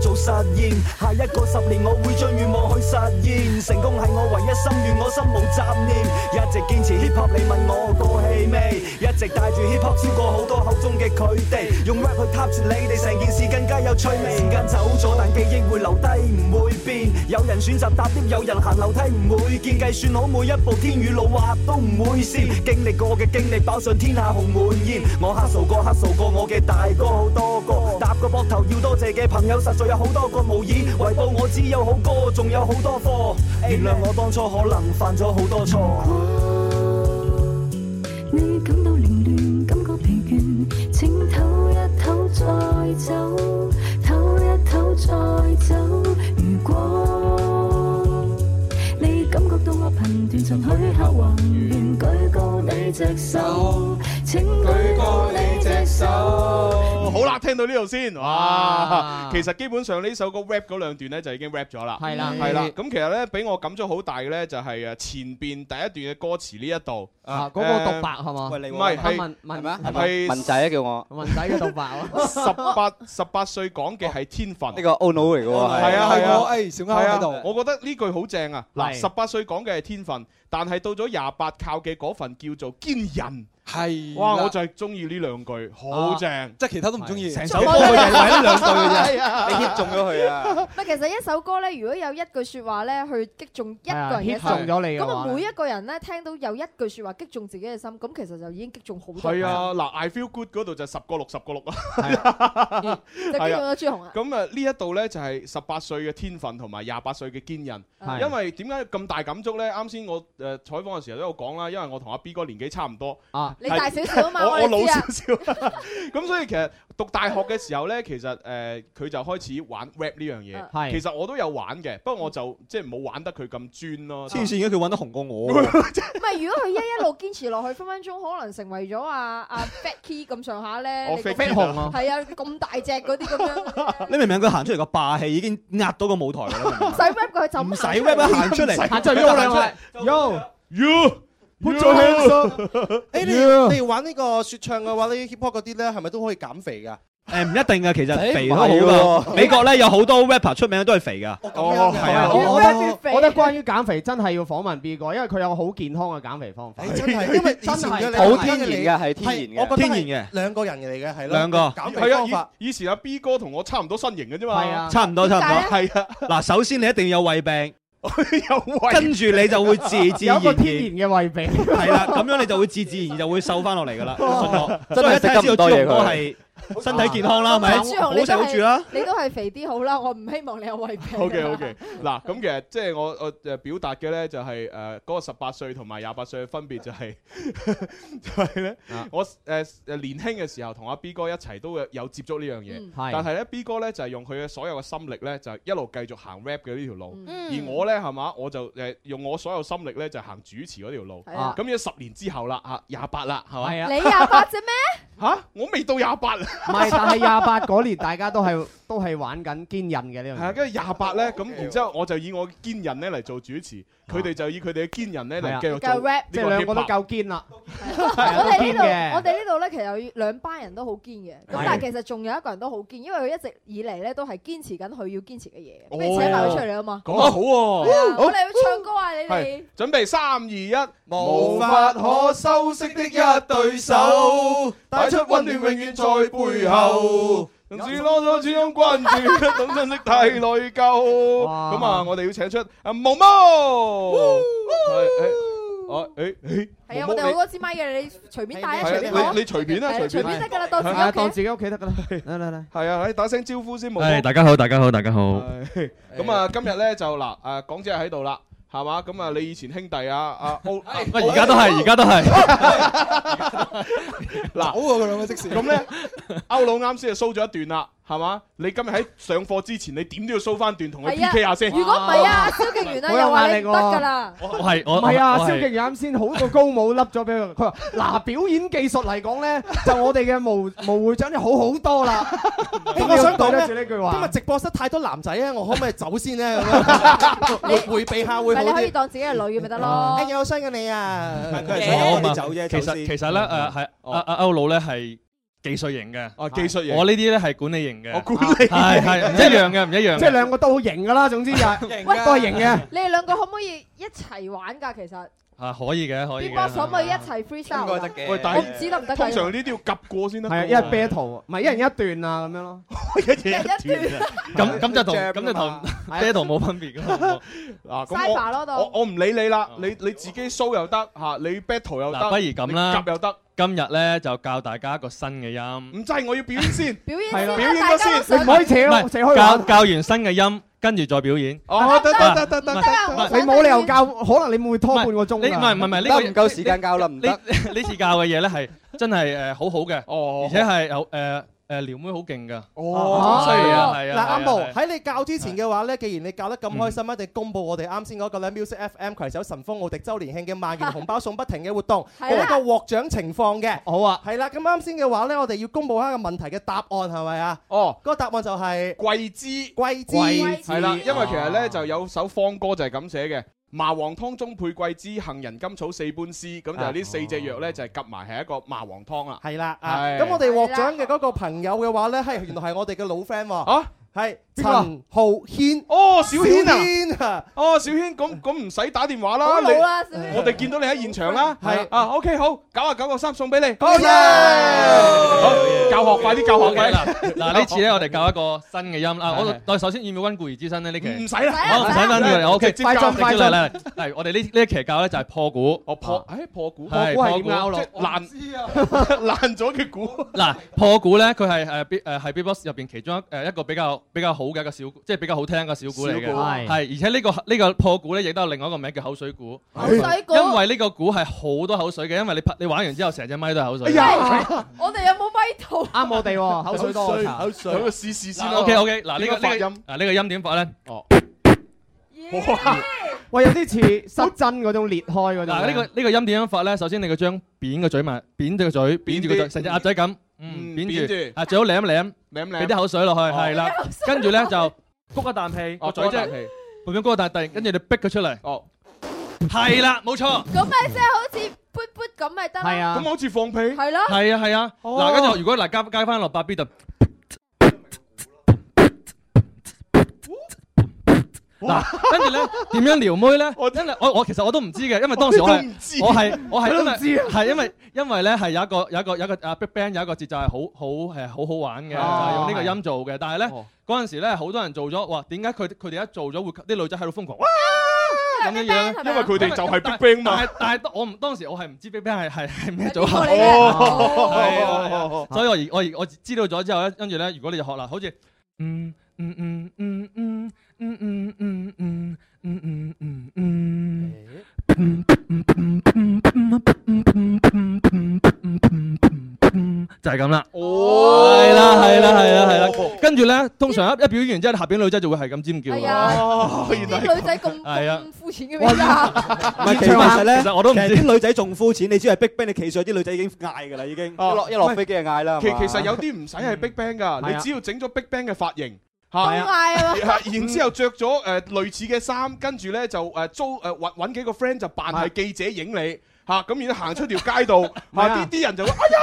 S5: 實現下一個十年，我會將願望去實現。成功係我唯一心願，我心無雜念，一直堅持 hiphop。Op, 你問我過氣未？一直帶住 hiphop，超過好多口中嘅佢哋。用 rap 去 t 撻住你哋，成件事更加有趣味。時間走咗，但記憶會留低，唔會變。有人選擇搭 lift，有人行樓梯，唔會見計算好每一步，天雨路滑都唔會跣經歷過嘅經歷，飽上天下紅滿意。我黑數過，黑數過，我嘅大哥好多個，搭個膊頭，要多謝嘅朋友，實在有好。多過無意，為報我只有好歌，仲有好多課。原諒我當初可能犯
S7: 咗好多錯。你感到凌亂，感覺疲倦，請唞一唞再走，唞一唞再走。如果你感覺到我頻斷從許下宏願，舉高你隻手，請舉過你隻手。
S1: 好啦，聽到呢度先哇！其實基本上呢首歌 rap 嗰兩段咧就已經 rap 咗啦，係啦，係啦。咁其實咧俾我感觸好大嘅咧就係誒前邊第一段嘅歌詞呢一度啊嗰個獨白係嘛？唔係係係咩？係文仔叫我文仔嘅
S5: 獨白喎。十
S1: 八十八歲講嘅係天份，呢個
S2: honour 嚟嘅喎。係啊係啊，誒小鈎喺度，
S1: 我覺得呢句好正啊！嗱，十八歲講嘅係天份，但係到咗廿八靠嘅嗰份叫做。堅韌。係哇！我最中意呢兩句，好正，即係其他都唔中意成首歌嘅人係呢兩句嘅啫，你擊中咗佢
S4: 啊！唔係，其實一首歌咧，如果有一句説話咧，去擊中一個人擊中咗你，咁啊，每一個人咧聽到有一句説話擊中自己嘅心，咁其實就已經擊中好多人。
S1: 係啊，嗱，I feel good 嗰度就十個六十個六啊，係啊，擊中咗朱紅啊！咁啊，呢一度咧就係十八歲嘅天份同埋廿八歲嘅堅忍，因為點解咁大感觸咧？啱先我誒採訪嘅時候都有講啦，因為我同阿 B 哥年紀差唔多啊。你大少少吖嘛，我我老少少。咁所以其實讀大學嘅時候咧，其實誒佢就開始玩 rap 呢樣嘢。係，其實我都有玩嘅，不過我就即係唔好玩得佢咁專咯。黐線，
S5: 而家佢玩得紅過我。唔
S4: 係，如果佢一一路堅持落去，分分鐘可能成為咗阿阿 Fat Kid 咁上下咧。我 Fat Kid 紅啊！係啊，咁大隻嗰啲咁樣。
S5: 你明唔明佢行出嚟個霸氣已經壓到個舞台啦？唔
S4: 使 rap 佢就唔使 rap，行出
S5: 嚟。就喐兩下，喐喐。你哋玩呢個說唱嘅話，呢 hip hop 嗰啲咧，係咪都可以減肥㗎？誒唔一定㗎，其實肥都好㗎。美國咧有好多 rapper 出名都係肥㗎。哦，係啊，我覺得關於減肥真係要訪問 B 哥，因為佢有個好健康嘅減肥方法。真因為以前好天然嘅係天然嘅，我覺得天然嘅兩
S1: 個人嚟嘅係咯。兩個減肥方法。以前阿 B 哥同我差唔多身形嘅啫嘛，係啊，差
S5: 唔多差唔多。係啊。嗱，首先你一定要有胃病。
S1: 跟住 [laughs] 胃皮 你就會自自然然 [laughs] 個天然嘅胃病了，
S5: 係啦，咁樣你就會自自然然就會瘦翻落嚟㗎啦。真係食咁多嘢佢。 [laughs] 身體健康啦，咪好守住啦。
S4: 你都係肥啲好啦，我唔希望你有胃病。O K O K，
S1: 嗱咁其實即係我我誒表達嘅咧就係誒嗰個十八歲同埋廿八歲嘅分別就係就係咧，我誒誒年輕嘅時候同阿 B 哥一齊都有接觸呢樣嘢，但係咧 B 哥咧就係用佢嘅所有嘅心力咧就一路繼續行 rap 嘅呢條路，而我咧係嘛我就誒用我所有心力咧就行主持嗰條路。咁嘅十年之後啦嚇廿八啦係嘛？你廿
S4: 八啫咩？
S5: 嚇我未到廿八。唔係，但係廿八嗰年大家都係都係玩緊堅韌嘅呢樣。係啊，
S1: 跟住廿八咧，咁然之後我就以我堅韌咧嚟做主持，佢哋就以佢哋嘅堅韌咧嚟繼續 rap。即係兩個都夠
S5: 堅啦。我哋呢度，
S4: 我哋呢度咧其實要兩班人都好堅嘅。咁但係其實仲有一個人都好堅，因為佢一直以嚟咧都係堅持緊佢要堅持嘅嘢。不如請埋佢出嚟啊嘛。講得好喎，我哋要唱歌啊！你哋
S1: 準備三二一，無法可修飾的一對手，帶出温暖，永遠在。背後同時攞咗千種關注，等珍惜太內疚。咁啊，我哋要請出阿毛毛。係誒誒，係啊，我哋好多
S4: 支咪嘅，你隨便帶啊，隨便攞。你你隨便啦，隨
S1: 便得噶啦，當自
S5: 己屋企得噶啦。嚟
S1: 嚟嚟，係啊，可以打聲招呼先。毛毛，大家好，大家好，大
S8: 家好。
S1: 咁啊，今日咧就嗱，誒，講者喺度啦。係嘛？咁啊，你以前兄弟啊，啊歐，唔係而家都係，而家都係。嗱，好啊，佢兩個即是。咁咧，歐佬啱先就蘇咗一段啦。係嘛？你今日喺上課之前，你點都要 show 翻段同佢 PK 下先。如果唔係啊，
S3: 蕭敬元啊又話你得㗎喇。我係我係
S1: 啊，蕭敬元
S5: 啱先好過高帽笠咗俾佢。佢話：嗱，表演技術嚟講咧，就我哋嘅毛毛會長就好好多啦。我想講得住呢句話？今日直播室太多男仔啊，我可唔可以走先咧？你迴避下會好啲。你可以
S4: 當自己係女嘅咪得
S5: 咯？有傷嘅你啊，我其實
S8: 其實咧誒係阿阿歐佬咧係。技術型嘅，哦、啊、技術型，我呢啲咧係管理型嘅，我管理，係唔是、啊、一樣嘅，唔 [laughs] 一樣嘅，即係
S5: 兩個都好型噶啦，總之就係，兩個係型嘅，
S4: 你哋兩個可唔可以一齊玩㗎、啊？其實。
S8: 啊，可以嘅，可以。啲歌手
S4: 可以一齊 freestyle 應該得嘅。
S8: 我唔知得唔得。通常呢啲要夾
S1: 過先得。係，因為 battle，唔係一人一段啊咁樣咯。一人一段。咁咁就同咁就同 battle 冇分別嘅。嗱，咁我我唔理你啦，你你
S8: 自己 show 又得嚇，你 battle 又得。不如咁啦，夾又得。今日咧就教大家一個新嘅音。
S1: 唔制，我要表演先。表演，表演咗先。唔可以
S8: 請，教教完新嘅音，跟住再表演。哦，
S5: 得得得得得，你冇理由教，可能你會拖半個鐘。唔係唔係唔係，呢個唔夠時間教啦，唔得。
S8: 呢次教嘅嘢咧係真係誒好好嘅，而且係好誒。誒撩妹好勁噶，哦，犀利啊，係啊！嗱，啱好喺
S5: 你教之前嘅話咧，既然你教得咁開心，一定公佈我哋啱先嗰個咧，music FM 攜手神風奧迪周年慶嘅萬元紅包送不停嘅活動嗰個獲獎情況嘅。好啊，係啦，咁啱先嘅話咧，我哋要公佈一個問題嘅答案係咪啊？哦，個答案就係桂枝，桂枝係啦，因為其實
S1: 咧就有首方歌就係咁寫嘅。麻黃湯中配桂枝、杏仁、甘草四般施，咁、啊、就係呢四隻藥呢，啊、就係夾埋係一個麻黃湯啦。係啦的，咁的我哋獲
S5: 獎嘅嗰個朋友嘅話呢，嘿，原來係我哋嘅老 friend 喎、哦。啊係陳浩軒哦，小軒啊，哦小軒，咁咁唔使打電話啦，
S1: 我
S8: 哋見到你喺現場啦，
S1: 係啊，OK 好，九啊九個三送俾你，好耶！
S8: 好教學快啲教學嘅嗱，嗱呢次咧我哋教一個新嘅音啦，我哋首先要唔要溫故而知新呢，呢期？唔使啦，唔使溫固啦，OK，直接教嚟嚟嚟，係我哋呢呢期教咧就係破股，我破誒破股，破股係點拗落爛
S1: 爛咗嘅股，
S8: 嗱破股咧佢係誒誒喺 B box 入邊其中一誒一個比較。比較好嘅一個小，即係比較好聽一個小鼓嚟嘅，係、啊，而且呢、這個呢、這個破鼓咧，亦都有另外一個名叫口水鼓。口水、啊、因為呢個鼓係好多口水嘅，因為你拍，你玩完之後成隻咪都係口水。哎、呀
S4: [laughs] 我哋有
S5: 冇咪頭？啱我哋、啊，口水多。口水，咁 [laughs] 啊，試試
S8: 先。O K O K，嗱呢個發音，嗱呢、啊這個這個音點發咧？哦、
S5: 啊，喂 Yeah!、啊，有啲似失真嗰種裂開嗰種。嗱、啊，呢、這個呢、這
S8: 個這個音點樣發咧？首先你個張扁嘅嘴嘛，扁住個嘴，扁住個嘴，成隻鴨仔咁。
S5: 嗯，扁住，
S8: 啊，最好舐一舐，舐一舐，俾啲口水落去，係啦，跟住咧就谷一啖氣，個嘴即，慢慢谷一啖氣，跟住你逼佢出嚟，哦，係啦，冇錯。咁
S4: 咪即係好似噗噗咁咪得。係啊。咁好似放屁。係咯。係，啊係啊。
S8: 嗱，跟住如果嗱加加翻落百 B 度。嗱，跟住咧點樣撩妹咧？因為我我其實我都唔知嘅，因為當時我係我係我係因為係因為因為咧係有一個有一個有一個啊 BigBang 有一個節奏係好好誒好好玩嘅，就係用呢個音做嘅。但係咧嗰陣時咧好多人做咗，哇！點解佢佢哋一做咗會啲女仔喺度瘋狂哇咁嘅樣？因為佢哋就係 BigBang 嘛。但係我唔當時我係唔知 BigBang 係係係咩組合。所以我而我而我知道咗之後咧，跟住咧如果你就學啦，好似嗯嗯嗯嗯嗯。
S3: 嗯嗯嗯
S8: 嗯嗯嗯嗯嗯就係咁啦。哦，係啦係啦係啦係啦。跟住咧，通常一一表演完之後，下邊女仔就
S5: 會係咁尖叫。係啊，啲女仔咁咁膚淺嘅咩？其實咧，其實我都唔知啲女仔仲膚淺。你知係 BigBang，你企上啲女仔已經嗌噶啦，已經落一落飛機就嗌啦。其其實有啲唔使係 BigBang 噶，你只
S1: 要整咗 BigBang 嘅髮型。係對， [laughs] 然之後着咗誒類似嘅衫，跟住咧就誒租誒揾揾幾個 friend 就扮係記者影你。啊咁，而家行出條街度，啊啲啲人就話：哎呀，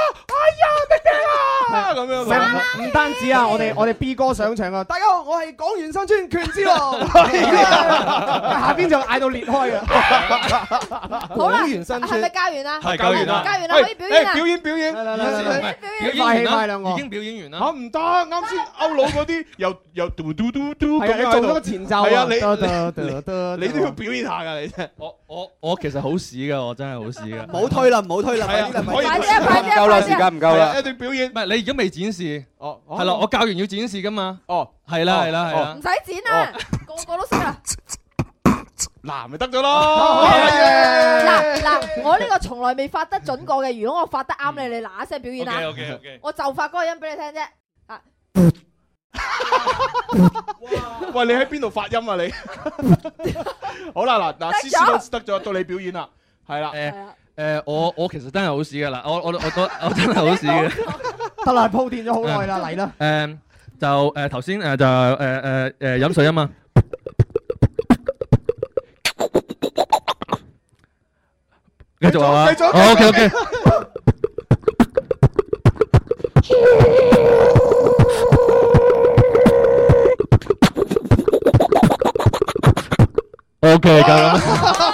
S1: 哎
S5: 呀，咩病啊？咁樣，唔單止啊！我哋我哋 B 哥上場啊！大家好，我係港源新村拳之王。下邊就嗌到裂開啊！港源新村係咪加
S1: 完啦？係加完啦！加完啦！可以表演表演表演，表演兩個已經表演完啦！我唔得，啱先歐佬嗰啲又又嘟嘟嘟嘟咁做喺度，前奏啊！你你都要表演下㗎，你啫！
S8: 我我我其實好屎㗎，我真係好屎。冇推啦，冇推啦，快啲，快啲，夠啦，時間唔夠啦，一段表演。唔係你而家未展示，係咯，我教完要展示噶嘛。哦，係啦，係啦，係啦，唔使
S4: 剪啦，個個都識啦。
S8: 嗱，咪得咗咯。
S9: 嗱
S4: 嗱，我呢個從來未發得準過嘅，如果我發得啱你，你嗱一聲表演啦。OK OK OK，我就發嗰個音俾你聽啫。
S1: 啊，喂，你喺邊度發音啊？你好啦，嗱嗱，思思都得咗，到你表演啦。
S8: 係啦，誒誒，我我其實真係好屎嘅啦，我我我我真係好屎嘅，
S5: 得啦，鋪墊咗好耐啦，嚟啦，
S8: 誒就誒頭先誒就誒誒誒飲水啊嘛，繼續啊嘛，OK OK OK，咁樣。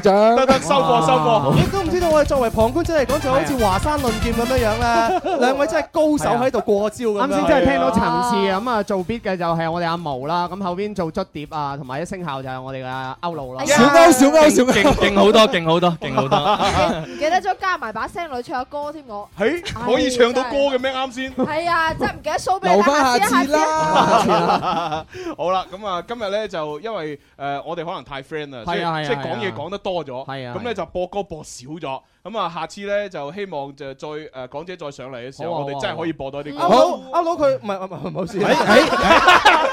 S5: 得得收貨收貨，你都唔知道我哋作為旁觀者嚟講，就好似華山論劍咁樣樣呢。兩位真係高手喺度過招咁。啱先真係聽到層次啊，咁啊做 bit 嘅就係我哋阿毛啦，咁後邊做捽碟啊，同埋啲聲效就係我哋嘅歐路啦。小哥小哥小哥，勁勁好多勁好多勁好多。唔
S4: 記得咗加埋把聲女唱下歌添我。嘿，
S5: 可以唱到歌嘅咩？啱先。
S4: 係啊，真係唔記得 show 俾。留翻下次啦。
S1: 好啦，咁啊今日咧就因為誒我哋可能太 friend 啦，即係即係講嘢講得多。多咗，係啊，咁咧就播歌播少咗，咁、嗯、啊，下次咧就希望就再誒、呃、港姐再上嚟嘅時候，啊、我哋真係可以播多啲歌。好，嗯、
S5: 阿佬，佢唔係，唔好意思，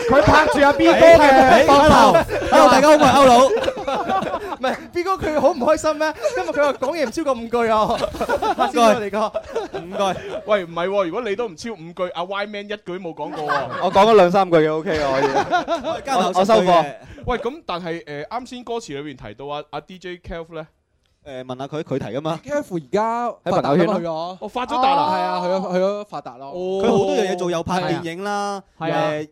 S5: 佢拍住阿 B 哥嘅膊頭， [laughs] 大家好啊，阿 [laughs] 老。唔係 [laughs] B 哥佢好唔開心咩？今日佢話講嘢唔超過五句啊唔該，李哥、 [laughs] 啊。
S1: 唔該。句 [laughs] 喂，唔係喎，如果你都唔超五句，阿 Y Man 一句冇講過
S5: 喎、啊。 [laughs] 我講咗兩三句嘅 OK 可以。 [laughs] 我收貨。
S1: 喂， [laughs] 咁但係誒啱先歌詞裏邊提到阿、啊、阿 DJ Kelf 咧，誒、呃、
S5: 問下佢佢提啊嘛。Kelf 而家喺朋友圈咯。
S1: 我 [laughs] 發咗達啦，係、哦、啊，啊，去
S5: 咗去咗發達啦。佢好、哦、多樣嘢做，有拍電影啦，誒。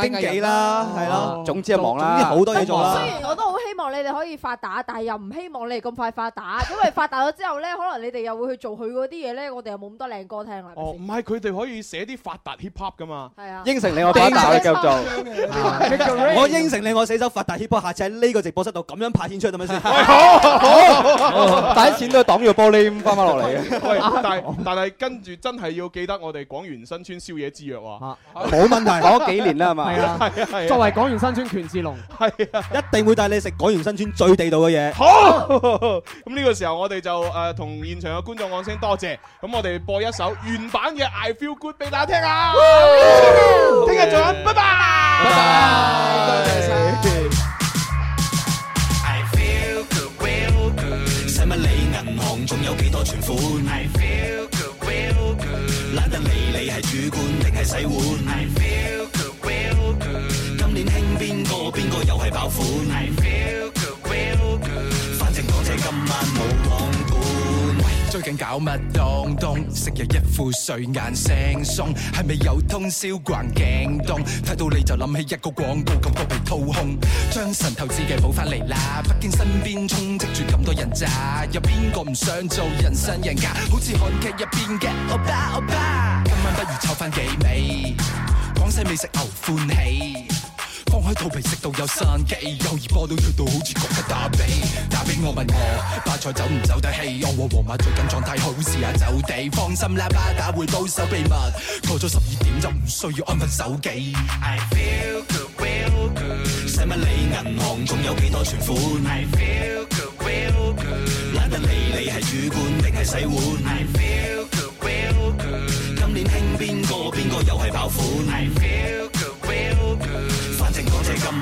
S5: 經紀啦，係咯。總之係忙啦，總之好多嘢做啦。雖然我
S4: 都好希望你哋可以發達，但係又唔希望你哋咁快發達，因為發達咗之後咧，可能你哋又會去做佢嗰啲嘢咧，我哋又冇咁多靚歌聽啦。哦，
S1: 唔係佢哋可以寫啲發達 hip hop 噶嘛？係啊。應承你
S5: 我發達我就
S7: 做。我應
S5: 承你我寫首發達 hip hop，下次喺呢個直播室度咁樣拍片出，得唔得先？好，好，好。啲錢都係擋住個玻璃咁翻翻落嚟嘅。喂，但
S1: 係但係跟住真係要記得，我哋廣園新村宵夜之約啊。冇問題。講幾年啦，係嘛？係啊，係啊，作為
S5: 廣源新村權志龍，係啊，一定會帶你食廣源新村最地道嘅嘢。好，
S1: 咁呢個時候我哋就誒同現場嘅觀眾講聲多謝，咁我哋播一首原版嘅 I Feel Good 俾大家聽啊！聽日
S5: 再飲，拜拜，多謝。Good, good. 反正我仔今晚冇講古，最近搞乜東東，成日一副睡眼惺忪，係咪有通宵逛京東？睇到你就諗起一個廣告，感覺被掏空。將神投資嘅補返嚟啦，北京身邊充斥住咁多人渣，有邊個唔想做人生贏家？好似韓劇入邊嘅，歐巴歐巴，今晚不如抽返幾味廣西美食牛歡喜。肚皮食到有生機，尤爾波都跳到好似國腳打比。打比我問我巴塞走唔走得氣？我話皇馬最近狀態好，試下走地。放心，啦巴打會保守秘密。過咗十二點就唔需要安分守己。I feel good, feel good。想問你銀行仲有幾多存款？I feel good, feel good。懶得理你係主管定係洗碗？I feel good, feel good。今年興邊個？邊個又係爆款？I feel。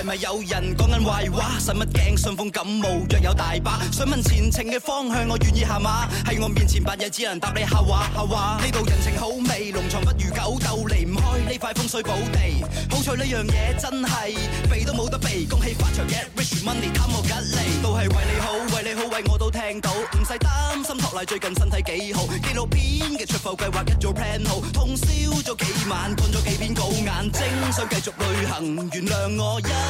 S5: 係咪有人講緊壞話？使乜驚，信風感冒，藥有大把。想問前程嘅方向，我願意下馬。喺我面前扮嘢，只能答你下話下話。呢度人情好味，龍床不如狗竇，離唔開呢塊風水寶地。好彩呢樣嘢真係避都冇得避。恭喜發財，get rich money，貪我吉利。都係為你好，為你好，為我都聽到。唔使擔心托賴，最近身體幾好。紀錄片嘅出埠計劃一早 plan 好，通宵咗幾晚，幹咗幾篇稿，眼睛想繼續旅行，原諒我一。